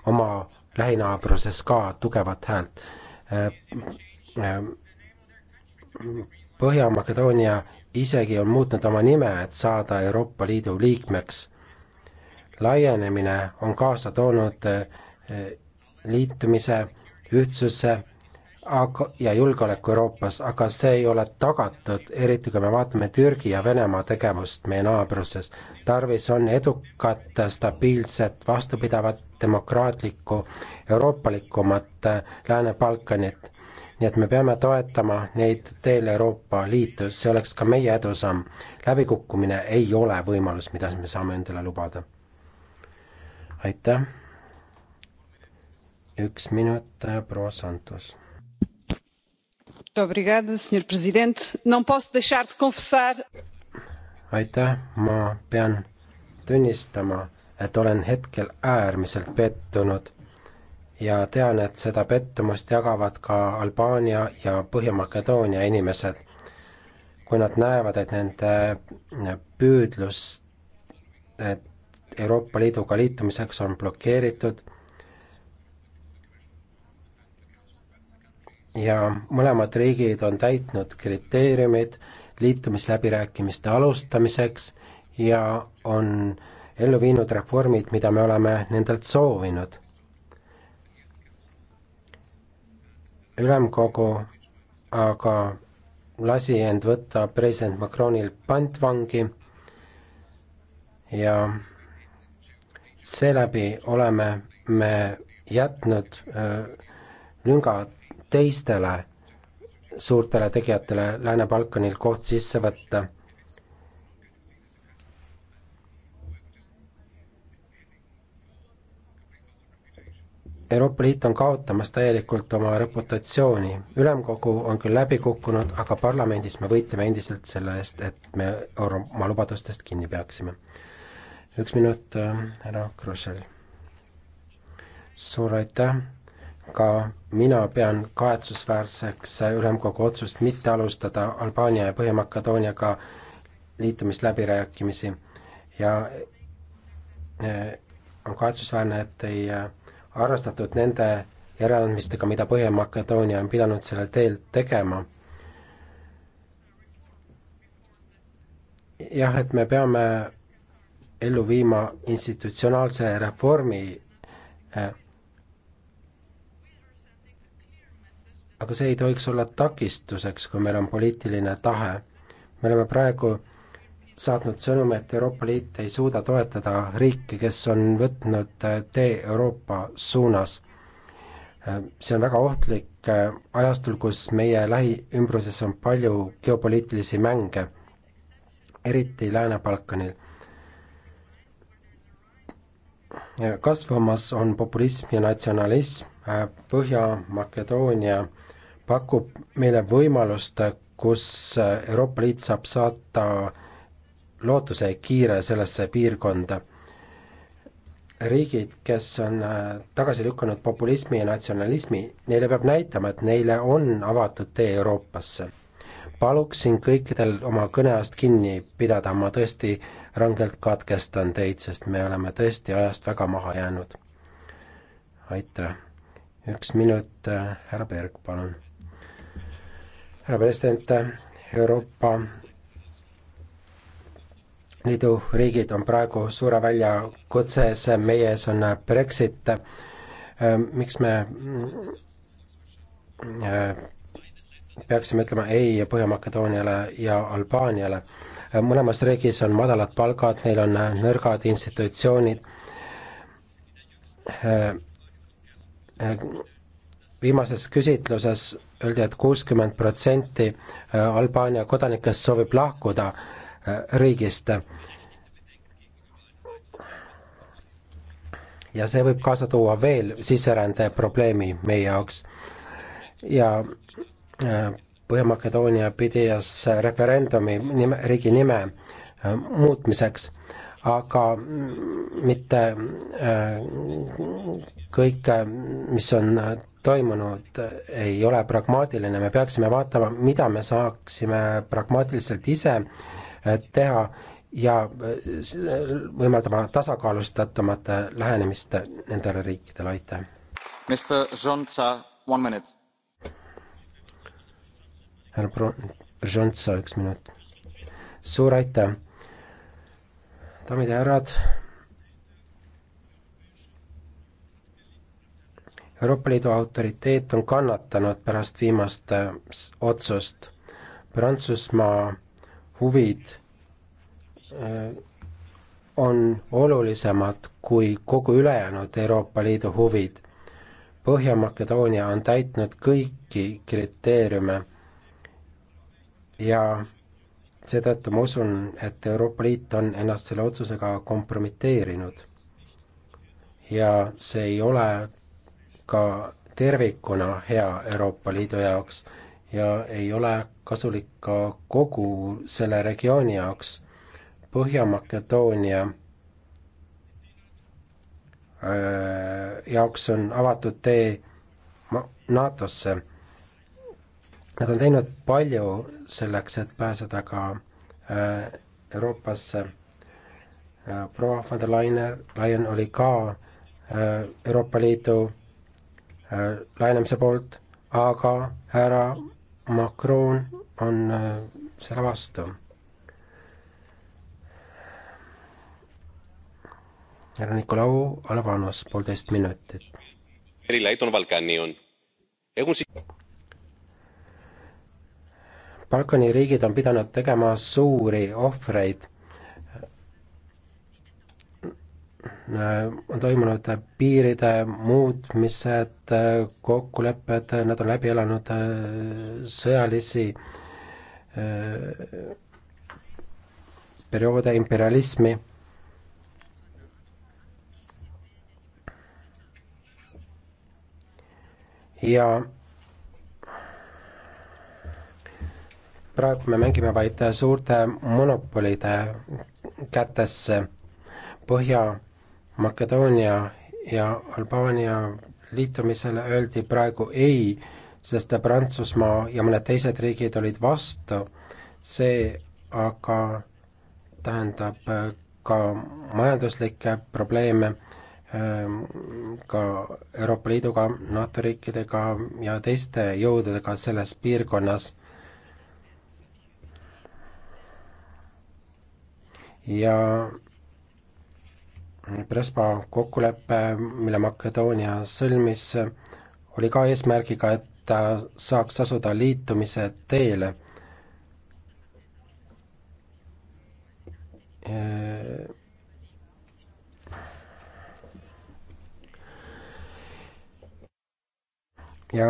oma lähinaabruses ka tugevat häält äh,. Äh, Põhja-Makedoonia isegi on muutnud oma nime, et saada Euroopa Liidu liikmeks. laienemine on kaasa toonud eh, liitumise, ühtsuse aga, ja julgeoleku Euroopas, aga see ei ole tagatud, eriti kui me vaatame Türgi ja Venemaa tegevust meie naabruses. tarvis on edukat, stabiilset, vastupidavat, demokraatlikku, euroopalikumat Lääne-Balkanit nii et me peame toetama neid teel Euroopa Liitu, see oleks ka meie edusamm. läbikukkumine ei ole võimalus, mida me saame endale lubada. aitäh. üks minut, äh, proua Santos. aitäh, ma pean tunnistama, et olen hetkel äärmiselt pettunud ja tean, et seda pettumust jagavad ka Albaania ja Põhja-Makedoonia inimesed. kui nad näevad, et nende püüdlus et Euroopa Liiduga liitumiseks on blokeeritud ja mõlemad riigid on täitnud kriteeriumid liitumisläbirääkimiste alustamiseks ja on ellu viinud reformid, mida me oleme nendelt soovinud ülemkogu aga lasi end võtta president Macronil pantvangi ja seeläbi oleme me jätnud äh, lünga teistele suurtele tegijatele Lääne-Balkanil koht sisse võtta. Euroopa Liit on kaotamas täielikult oma reputatsiooni. ülemkogu on küll läbi kukkunud, aga parlamendis me võitleme endiselt selle eest, et me oma lubadustest kinni peaksime. üks minut äh,, härra Kruusel. suur aitäh ka mina pean kahetsusväärseks ülemkogu otsust mitte alustada Albaania ja Põhja-Makedooniaga liitumisläbirääkimisi ja äh, on kahetsusväärne, et ei äh, arvestatud nende järeleandmistega, mida Põhja-Makedoonia on pidanud sellel teel tegema. jah, et me peame ellu viima institutsionaalse reformi. Eh, aga see ei tohiks olla takistuseks, kui meil on poliitiline tahe. me oleme praegu saatnud sõnumi, et Euroopa Liit ei suuda toetada riike, kes on võtnud tee Euroopa suunas. see on väga ohtlik äh, ajastul, kus meie lähiümbruses on palju geopoliitilisi mänge, eriti Lääne-Balkanil. kasvamas on populism ja natsionalism, äh, Põhja-Makedoonia pakub meile võimalust, kus äh, Euroopa Liit saab saata lootuse kiire sellesse piirkonda. riigid, kes on äh, tagasi lükanud populismi ja natsionalismi, neile peab näitama, et neile on avatud tee Euroopasse. paluksin kõikidel oma kõneajast kinni pidada, ma tõesti rangelt katkestan teid, sest me oleme tõesti ajast väga maha jäänud. aitäh. üks minut, äh, härra Berg, palun. härra president, äh, Euroopa Liidu riigid on praegu suure väljakutse ees, meie ees on Brexit. Äh, miks me äh, peaksime ütlema ei Põhja-Makedooniale ja Albaaniale? Äh, mõlemas riigis on madalad palgad, neil on nõrgad institutsioonid. viimases küsitluses öeldi et, et kuuskümmend protsenti Albaania kodanikest soovib lahkuda Äh, riigist. ja see võib kaasa tuua veel sisserände probleemi meie jaoks. ja äh, Põhja-Makedoonia pidas referendumi nime, riigi nime äh, muutmiseks, aga mitte kõik, mis on toimunud, ei ole pragmaatiline, me peaksime vaatama, mida me saaksime pragmaatiliselt ise Eh, teha ja eh, võimaldama tasakaalustatumat lähenemist nendele riikidele, aitäh. härra Bržontsa, üks minut. suur aitäh. daamid ja härrad Euroopa Liidu autoriteet on kannatanud pärast viimast eh, otsust. Prantsusmaa huvid äh, on olulisemad kui kogu ülejäänud Euroopa Liidu huvid. Põhja-Makedoonia on täitnud kõiki kriteeriume ja seetõttu ma usun, et Euroopa Liit on ennast selle otsusega kompromiteerinud. ja see ei ole ka tervikuna hea Euroopa Liidu jaoks ja ei ole kasulik ka kogu selle regiooni jaoks. Põhja-Makedoonia äh, jaoks on avatud tee NATO-sse. Nad on teinud palju selleks, et pääseda ka äh, Euroopasse. Äh, proua von der Leyen, Leyen oli ka Euroopa Liidu laienemise poolt, aga härra Macron on äh, selle vastu. härra Nikolau Alavanos, poolteist minutit. Balkani riigid on pidanud tegema suuri ohvreid on toimunud piiride muutmised, kokkulepped, nad on läbi elanud äh, sõjalisi äh, perioode imperialismi. ja praegu me mängime vaid suurte monopolide kätesse Põhja Makedoonia ja Albaania liitumisele öeldi praegu ei, sest Prantsusmaa ja mõned teised riigid olid vastu. see aga tähendab äh, ka majanduslikke probleeme ähm, ka Euroopa Liiduga, NATO riikidega ja teiste jõududega selles piirkonnas. ja Prespa kokkulepe, mille Makedoonia sõlmis, oli ka eesmärgiga, et ta saaks asuda liitumise teele. ja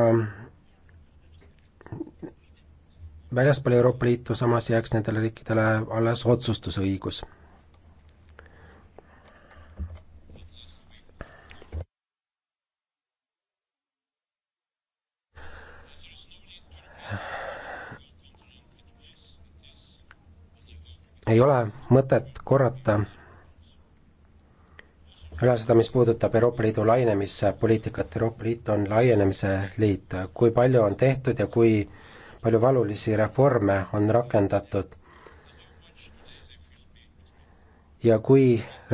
väljaspool Euroopa Liitu samas jääks nendele riikidele alles otsustusõigus ei ole mõtet korrata üle seda, mis puudutab Euroopa Liidu laienemispoliitikat, Euroopa Liit on laienemise liit, kui palju on tehtud ja kui palju valulisi reforme on rakendatud ja kui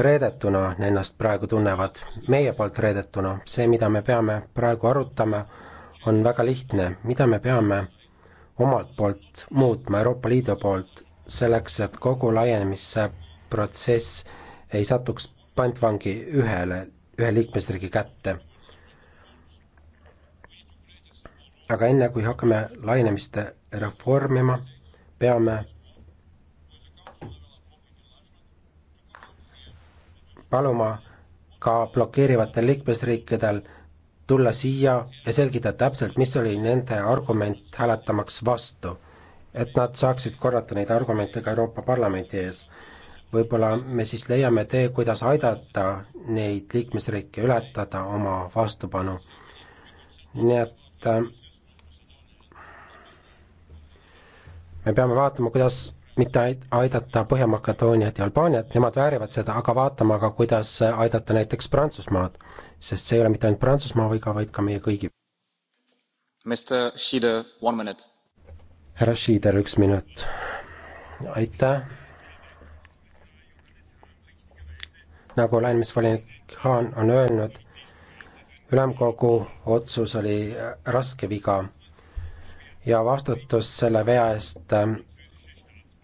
reedetuna ennast praegu tunnevad, meie poolt reedetuna, see, mida me peame praegu arutama, on väga lihtne, mida me peame omalt poolt muutma, Euroopa Liidu poolt, selleks, et kogu laienemise protsess ei satuks pantvangi ühele, ühe liikmesriigi kätte. aga enne, kui hakkame laienemist reformima, peame paluma ka blokeerivatel liikmesriikidel tulla siia ja selgida täpselt, mis oli nende argument hääletamaks vastu et nad saaksid korrata neid argumente ka Euroopa Parlamendi ees. võib-olla me siis leiame tee, kuidas aidata neid liikmesriike ületada oma vastupanu. nii et äh, me peame vaatama, kuidas mitte aidata Põhja-Makedooniat ja Albaaniat, nemad väärivad seda, aga vaatama ka, kuidas aidata näiteks Prantsusmaad, sest see ei ole mitte ainult Prantsusmaa viga, vaid ka meie kõigi. Mr Schieder, one minute härra Schieder, üks minut. aitäh. nagu laenumisvolinik Haan on öelnud, ülemkogu otsus oli raske viga ja vastutus selle vea eest ähm,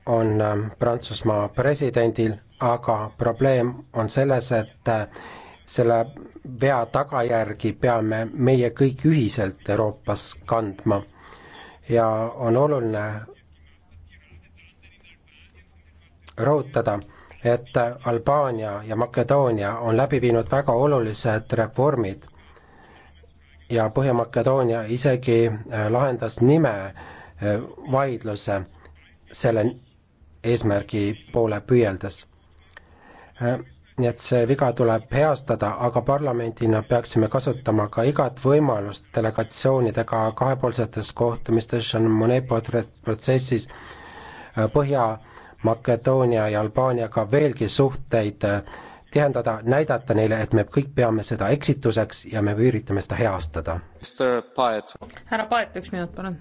on ähm, Prantsusmaa presidendil, aga probleem on selles, et äh, selle vea tagajärgi peame meie kõik ühiselt Euroopas kandma ja on oluline rõhutada, et Albaania ja Makedoonia on läbi viinud väga olulised reformid ja Põhja-Makedoonia isegi äh, lahendas nime äh, vaidluse selle eesmärgi poole püüeldes. Äh, nii et see viga tuleb heastada, aga parlamendina peaksime kasutama ka igat võimalust delegatsioonidega kahepoolsetes kohtumistes, protsessis äh, Põhja-Makedoonia ja Albaaniaga veelgi suhteid äh, tihendada, näidata neile, et me kõik peame seda eksituseks ja me üritame seda heastada. härra Paet, üks minut, palun.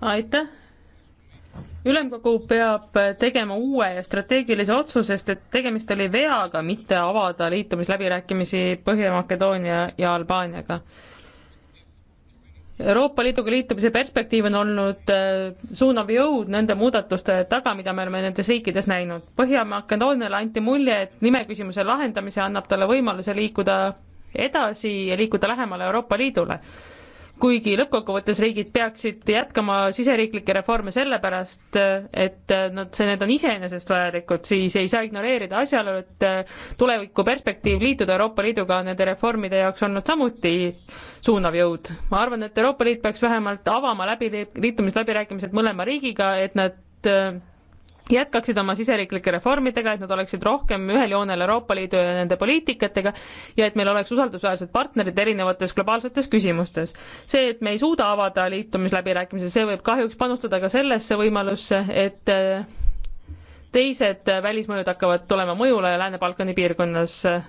aitäh ülemkogu peab tegema uue ja strateegilise otsuse, sest et tegemist oli veaga mitte avada liitumisläbirääkimisi Põhja-Makedoonia ja Albaaniaga. Euroopa Liiduga liitumise perspektiiv on olnud äh, suunav jõud nende muudatuste taga, mida me oleme nendes riikides näinud. Põhja-Makedooniale anti mulje, et nimeküsimuse lahendamise annab talle võimaluse liikuda edasi ja liikuda lähemale Euroopa Liidule kuigi lõppkokkuvõttes riigid peaksid jätkama siseriiklikke reforme sellepärast, et nad, see, need on iseenesest vajalikud, siis ei saa ignoreerida asjaolu, et tulevikuperspektiiv liituda Euroopa Liiduga on nende reformide jaoks olnud samuti suunav jõud. ma arvan, et Euroopa Liit peaks vähemalt avama läbi, liitumisläbirääkimised mõlema riigiga, et nad jätkaksid oma siseriiklike reformidega, et nad oleksid rohkem ühel joonel Euroopa Liidu ja nende poliitikatega ja et meil oleks usaldusväärsed partnerid erinevates globaalsetes küsimustes. see, et me ei suuda avada liitumisläbirääkimisi, see võib kahjuks panustada ka sellesse võimalusse, et äh, teised välismõjud hakkavad tulema mõjule Lääne-Balkani piirkonnas. Äh,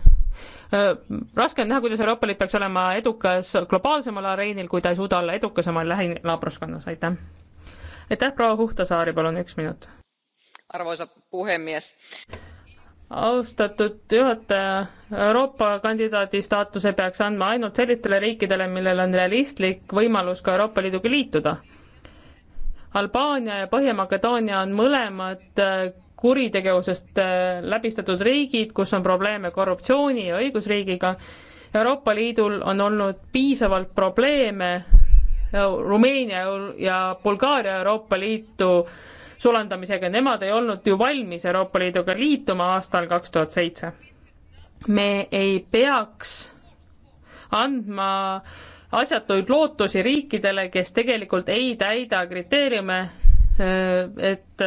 raske on näha, kuidas Euroopa Liit peaks olema edukas globaalsemal areenil, kui ta ei suuda olla edukas oma lähinaabruskonnas, aitäh. aitäh, proua Huhtasaari, palun üks minut arvoisa puhemies austatud juhataja, Euroopa kandidaadi staatuse peaks andma ainult sellistele riikidele, millel on realistlik võimalus ka Euroopa Liiduga liituda. Albaania ja Põhja-Makedoonia on mõlemad äh, kuritegevusest äh, läbistatud riigid, kus on probleeme korruptsiooni ja õigusriigiga. Euroopa Liidul on olnud piisavalt probleeme Rumeenia ja Bulgaaria Euroopa Liitu sulandamisega, nemad ei olnud ju valmis Euroopa Liiduga liituma aastal kaks tuhat seitse. me ei peaks andma asjatuid lootusi riikidele, kes tegelikult ei täida kriteeriume, et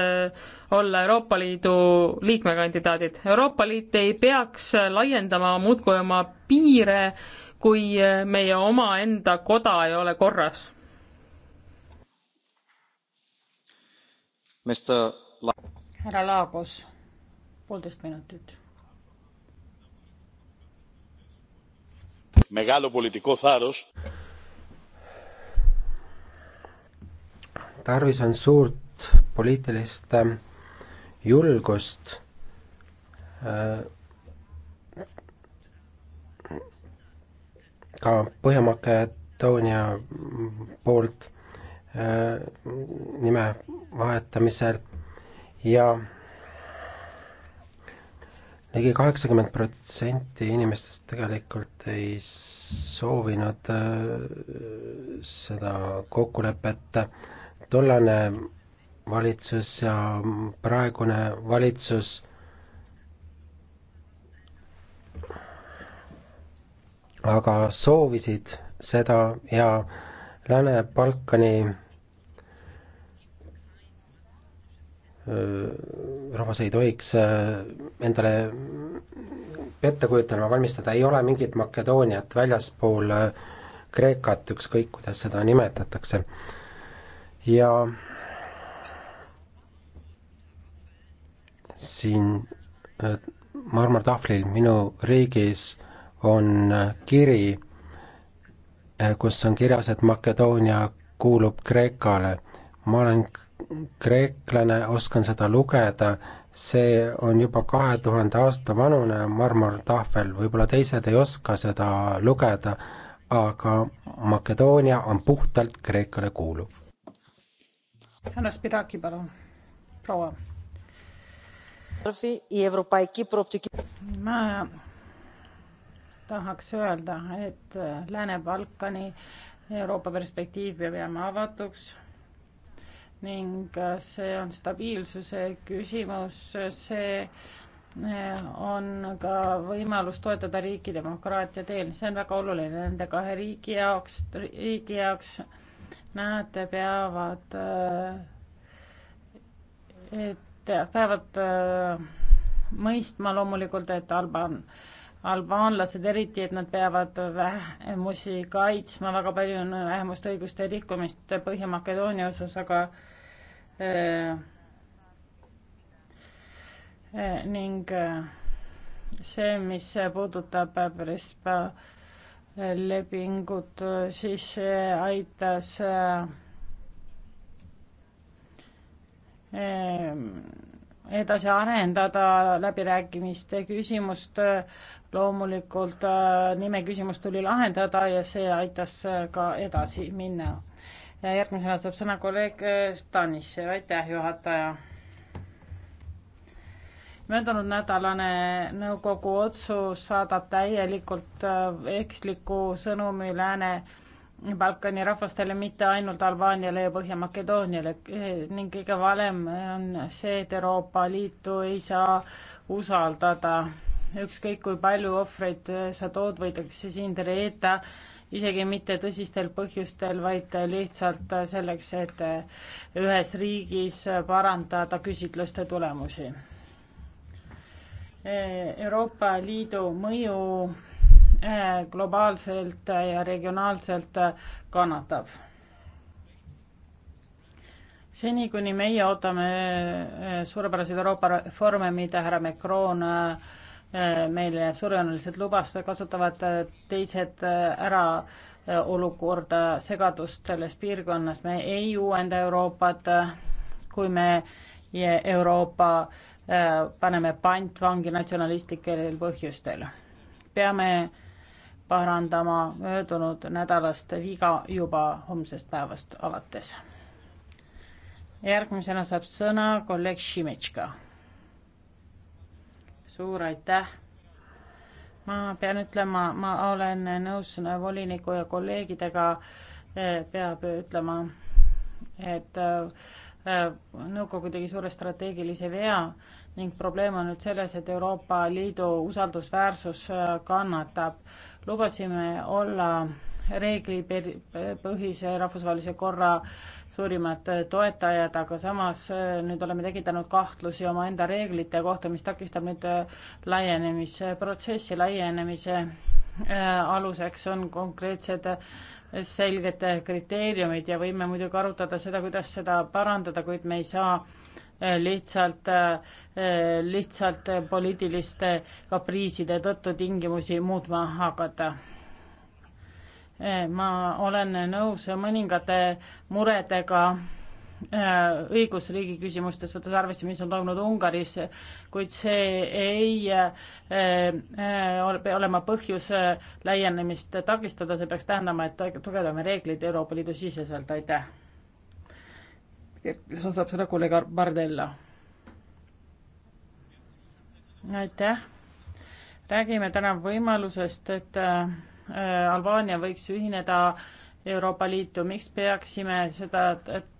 olla Euroopa Liidu liikmekandidaadid. Euroopa Liit ei peaks laiendama muudkui oma piire, kui meie omaenda koda ei ole korras härra Laagos, poolteist minutit. tarvis on suurt poliitilist ähm, julgust äh, ka Põhja-Makedoonia poolt Äh, nime vahetamisel ja ligi kaheksakümmend protsenti inimestest tegelikult ei soovinud äh, seda kokkulepet. tollane valitsus ja praegune valitsus aga soovisid seda ja Lääne-Balkani rahvas ei tohiks endale ette kujutelma valmistada, ei ole mingit Makedooniat väljaspool Kreekat, ükskõik kuidas seda nimetatakse. ja siin marmortahvlil minu riigis on kiri Eh, kus on kirjas, et Makedoonia kuulub Kreekale. ma olen kreeklane, oskan seda lugeda, see on juba kahe tuhande aasta vanune marmortahvel, võib-olla teised ei oska seda lugeda, aga Makedoonia on puhtalt Kreekale kuuluv. härra Spiraki, palun, proua. ma tahaks öelda, et äh, Lääne-Balkani Euroopa perspektiiv peab jääma avatuks ning äh, see on stabiilsuse küsimus, see äh, on ka võimalus toetada riiki demokraatia teel, see on väga oluline nende kahe riigi jaoks, riigi jaoks. Nad peavad, et peavad mõistma loomulikult, et Alban albaanlased eriti, et nad peavad vähemusi kaitsma, väga palju on vähemuste õiguste rikkumist Põhja-Makedoonia osas, aga äh, äh, ning äh, see, mis puudutab Prespa lepingut, siis see aitas äh, äh, edasi arendada läbirääkimiste küsimust. loomulikult äh, nime küsimus tuli lahendada ja see aitas äh, ka edasi minna. ja järgmisena saab sõna kolleeg äh, Stanishev, aitäh, juhataja. möödunud nädalane nõukogu otsus saadab täielikult eksliku sõnumi Lääne Balkani rahvastele, mitte ainult Albaaniale ja Põhja-Makedooniale ning kõige valem on see, et Euroopa Liitu ei saa usaldada. ükskõik kui palju ohvreid sa tood, võidakse sind reeta, isegi mitte tõsistel põhjustel, vaid lihtsalt selleks, et ühes riigis parandada küsitluste tulemusi. Euroopa Liidu mõju globaalselt ja regionaalselt kannatab. seni, kuni meie ootame eh, suurepäraseid Euroopa reforme, mida härra Macron eh, meile surjanuliselt lubas, kasutavad eh, teised ära olukorda, segadust selles piirkonnas, me ei uuenda Euroopat, kui me Euroopa paneme pantvangi natsionalistlikel põhjustel. peame parandama möödunud nädalast viga juba homsest päevast alates. järgmisena saab sõna kolleeg Šimetška. suur aitäh. ma pean ütlema, ma olen nõus voliniku ja kolleegidega, eh, peab ütlema, et eh, nõukogu tegi suure strateegilise vea ning probleem on nüüd selles, et Euroopa Liidu usaldusväärsus äh, kannatab. lubasime olla reeglipõhise rahvusvahelise korra suurimad äh, toetajad, aga samas äh, nüüd oleme tekitanud kahtlusi omaenda reeglite kohta, mis takistab nüüd laienemisprotsessi, laienemise aluseks on konkreetsed selged kriteeriumid ja võime muidugi arutada seda, kuidas seda parandada, kuid me ei saa lihtsalt, lihtsalt poliitiliste kapriiside tõttu tingimusi muutma hakata. ma olen nõus mõningate muredega äh, õigusriigi küsimustes, võttes arvesse, mis on toimunud Ungaris, kuid see ei äh, äh, ole, pea olema põhjus laienemist takistada, see peaks tähendama, et tugevdame reegleid Euroopa Liidu siseselt, aitäh! kes on, saab sõna kolleeg Bardella. aitäh. räägime täna võimalusest, et äh, Albaania võiks ühineda Euroopa Liitu, miks peaksime seda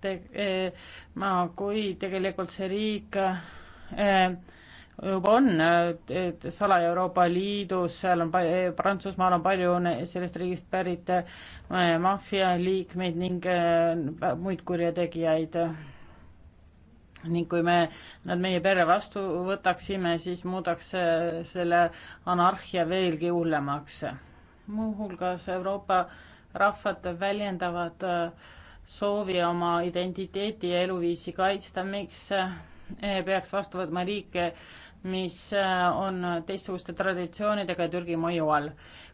te-, äh, ma, kui tegelikult see riik äh, juba on salaja Euroopa Liidus, seal on, eh, Prantsusmaal on palju sellest riigist pärit eh, maffialiikmeid ning eh, muid kurjategijaid. ning kui me nad meie pere vastu võtaksime, siis muudaks selle anarhia veelgi hullemaks. muuhulgas Euroopa rahvad väljendavad soovi oma identiteeti ja eluviisi kaitsta, miks peaks vastu võtma riike, mis äh, on teistsuguste traditsioonidega Türgi mõju all.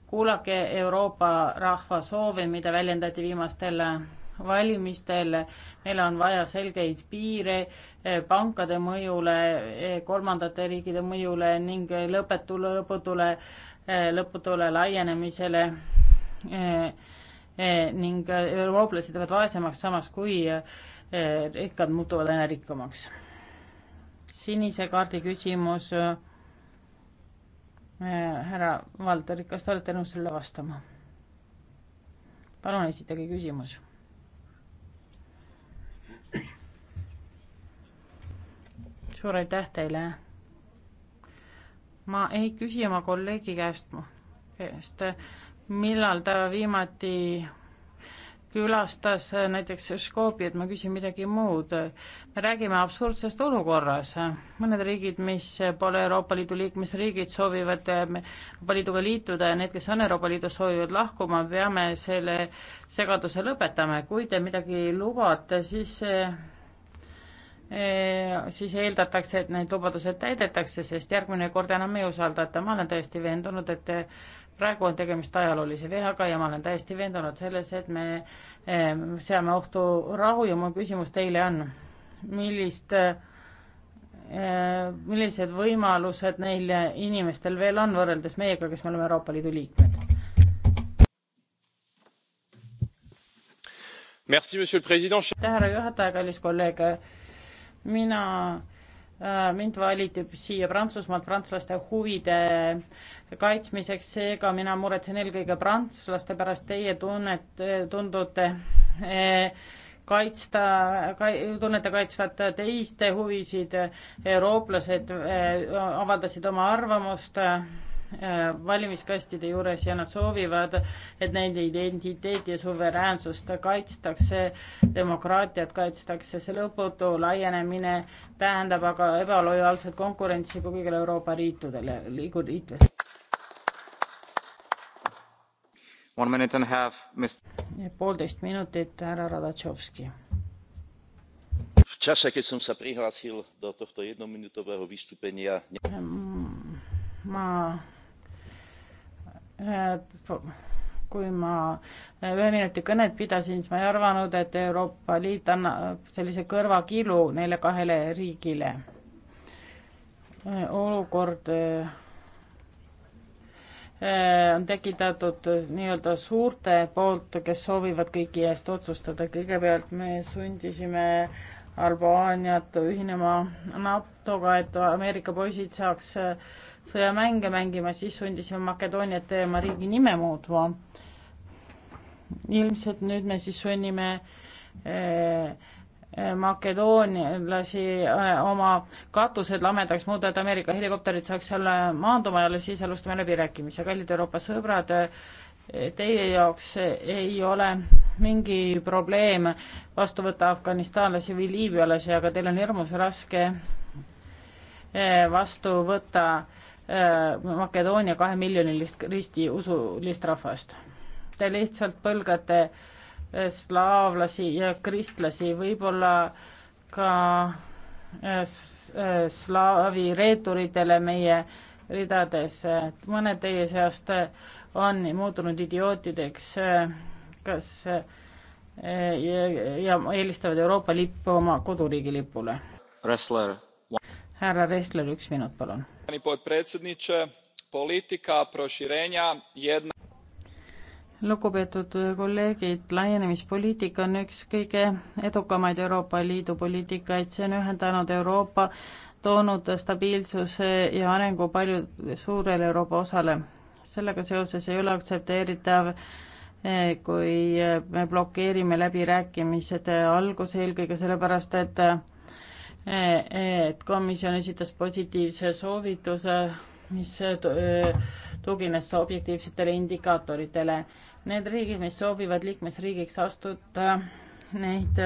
kuulake Euroopa rahva soovi, mida väljendati viimastel äh, valimistel, meil on vaja selgeid piire äh, pankade mõjule, kolmandate riikide mõjule ning lõpetule, lõputule, lõputule laienemisele ning eurooplased jäävad vaesemaks, samas kui rikkad muutuvad aina rikkamaks sinise kaardi küsimus äh, härra Valter, kas te olete nõus sellele vastama? palun esitage küsimus. suur aitäh teile. ma ei küsi oma kolleegi käest, käest, millal ta viimati külastas näiteks Škoobiat, ma küsin midagi muud. me räägime absurdsest olukorras. mõned riigid, mis pole Euroopa Liidu liikmesriigid, soovivad Euroopa Liiduga liituda ja need, kes on Euroopa Liidus, soovivad lahkuma, peame selle segaduse lõpetama ja kui te midagi lubate, siis eh, eh, siis eeldatakse, et need lubadused täidetakse, sest järgmine kord enam ei usaldata. ma olen täiesti veendunud, et praegu on tegemist ajaloolise veaga ja ma olen täiesti veendunud selles, et me seame ohtu rahu ja mu küsimus teile on, millist, millised võimalused neil inimestel veel on võrreldes meiega, kes me oleme Euroopa Liidu liikmed? aitäh, härra juhataja, kallis kolleeg, mina Äh, mind valiti siia Prantsusmaalt prantslaste huvide kaitsmiseks, seega mina muretsen eelkõige prantslaste pärast, teie tunnet, tundute eh, kaitsta, tunnete kaitsvat teiste huvisid, eurooplased eh, avaldasid oma arvamust Äh, valimiskastide juures ja nad soovivad, et nende identiteeti ja suveräänsust kaitstakse, demokraatiat kaitstakse, see lõputu laienemine tähendab aga ebalojaalset konkurentsi kõigile Euroopa riitudele, liigu liitudele. One minute and a half, Mr. poolteist minutit, härra Radatšovski v čase keď som sa prihlásil do tohto jednominútového vystúpenia mm, ma Äh, kui ma äh, ühe minuti kõnet pidasin, siis ma ei arvanud, et Euroopa Liit annab sellise kõrvakiilu neile kahele riigile. Äh, olukord on tekitatud nii-öelda suurte poolt, kes soovivad kõigi eest otsustada. kõigepealt me sundisime Albaaniat ühinema NATO-ga, et Ameerika poisid saaks äh, sõjamänge mängima, siis sundisime Makedooniat tema riigi nime muutma. ilmselt nüüd me siis sunnime eh, eh makedoonlasi eh, oma katused lamedaks muuta, et Ameerika helikopterid saaks seal eh, maanduma ja siis alustame läbirääkimisi. kallid Euroopa sõbrad, teie jaoks ei ole mingi probleem vastu võtta afganistanlasi või liibüalasi, aga teil on hirmus raske vastu võtta Äh, Makedoonia kahemiljonilist risti usulist rahvast. Te lihtsalt põlgate äh, slaavlasi ja kristlasi, võib-olla ka äh, slaavi reeturitele meie ridades, et mõned teie seast on muutunud idiootideks, kas ja, ja eelistavad Euroopa lippu oma koduriigi lipule. härra Ressler, üks minut, palun poštovani predsjedavajući politika proširenja jedna. lugupeetud kolleegid laienemispoliitika on üks kõige edukamaid euroopa liidu poliitikaid see on ühendanud euroopa toonud stabiilsuse ja arengu palju suurele euroopa osale sellega seoses ei ole aktsepteeritav eh, kui me blokeerime läbirääkimised alguse eelkõige sellepärast et E, e, et komisjon esitas positiivse soovituse, mis e, tugines objektiivsetele indikaatoritele. Need riigid, mis soovivad liikmesriigiks astuda, neid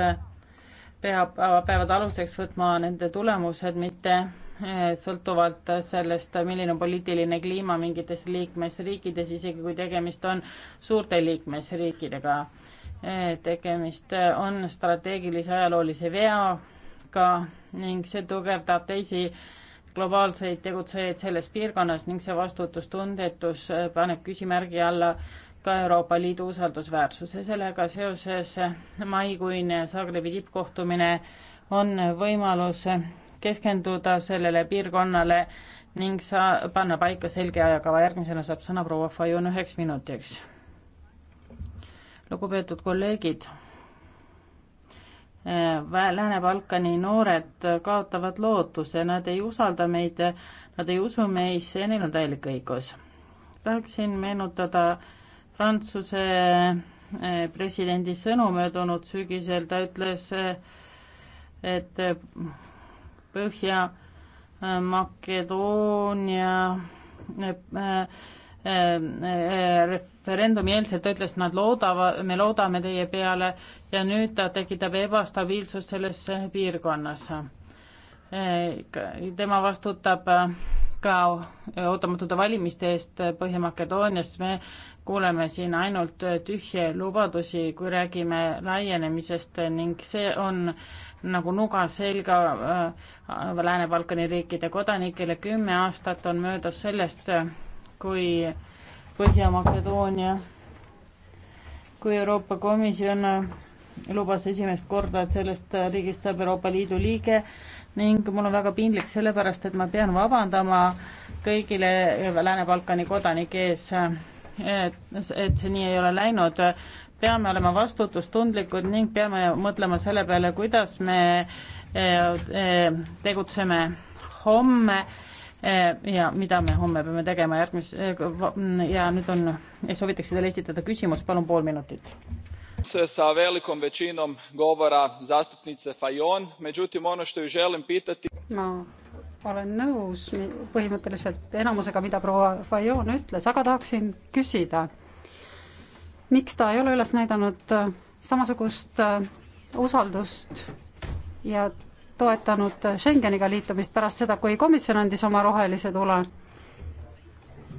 peab, peavad aluseks võtma nende tulemused, mitte sõltuvalt sellest, milline on poliitiline kliima mingites liikmesriikides, isegi kui tegemist on suurte liikmesriikidega. tegemist on strateegilise ajaloolise vea Aafrika ning see tugevdab teisi globaalseid tegutsejaid selles piirkonnas ning see vastutustundetus paneb küsimärgi alla ka Euroopa Liidu usaldusväärsuse. sellega seoses maikuine Zagrebi tippkohtumine on võimalus keskenduda sellele piirkonnale ning sa-, panna paika selge ajakava. järgmisena saab sõna proua Fajun üheks minutiks. lugupeetud kolleegid Lääne-Balkani noored kaotavad lootuse, nad ei usalda meid, nad ei usu meisse ja neil on täielik õigus. tahaksin meenutada Prantsuse eh, presidendi sõnu möödunud sügisel, ta ütles, eh, et Põhja-Makedoonia eh, Ehm, ehm, referendumieelselt ütles, nad loodavad, me loodame teie peale ja nüüd ta tekitab ebastabiilsust selles piirkonnas. Ehm, tema vastutab äh, ka ootamatute valimiste eest Põhja-Makedoonias, me kuuleme siin ainult tühje lubadusi, kui räägime laienemisest ning see on nagu nuga selga äh, Lääne-Balkani riikide kodanikele, kümme aastat on möödas sellest äh,, kui Põhja-Makedoonia, kui Euroopa Komisjon lubas esimest korda, et sellest riigist saab Euroopa Liidu liige ning mul on väga piinlik sellepärast, et ma pean vabandama kõigile Lääne-Balkani kodanike ees, et, et see nii ei ole läinud. peame olema vastutustundlikud ning peame mõtlema selle peale, kuidas me eh, eh, tegutseme homme Eh, ja mida me homme peame tegema järgmise eh, ja nüüd on, eh, soovitakse teile esitada küsimus, palun pool minutit. sa velikom većinom govora zastupnice Fajon, međutim ono što ju želim pitati. ma olen nõus põhimõtteliselt enamusega, mida proua Fajon ütles, aga tahaksin küsida, miks ta ei ole üles näidanud samasugust usaldust ja toetanud Schengeniga liitumist pärast seda, kui komisjon andis oma rohelise tule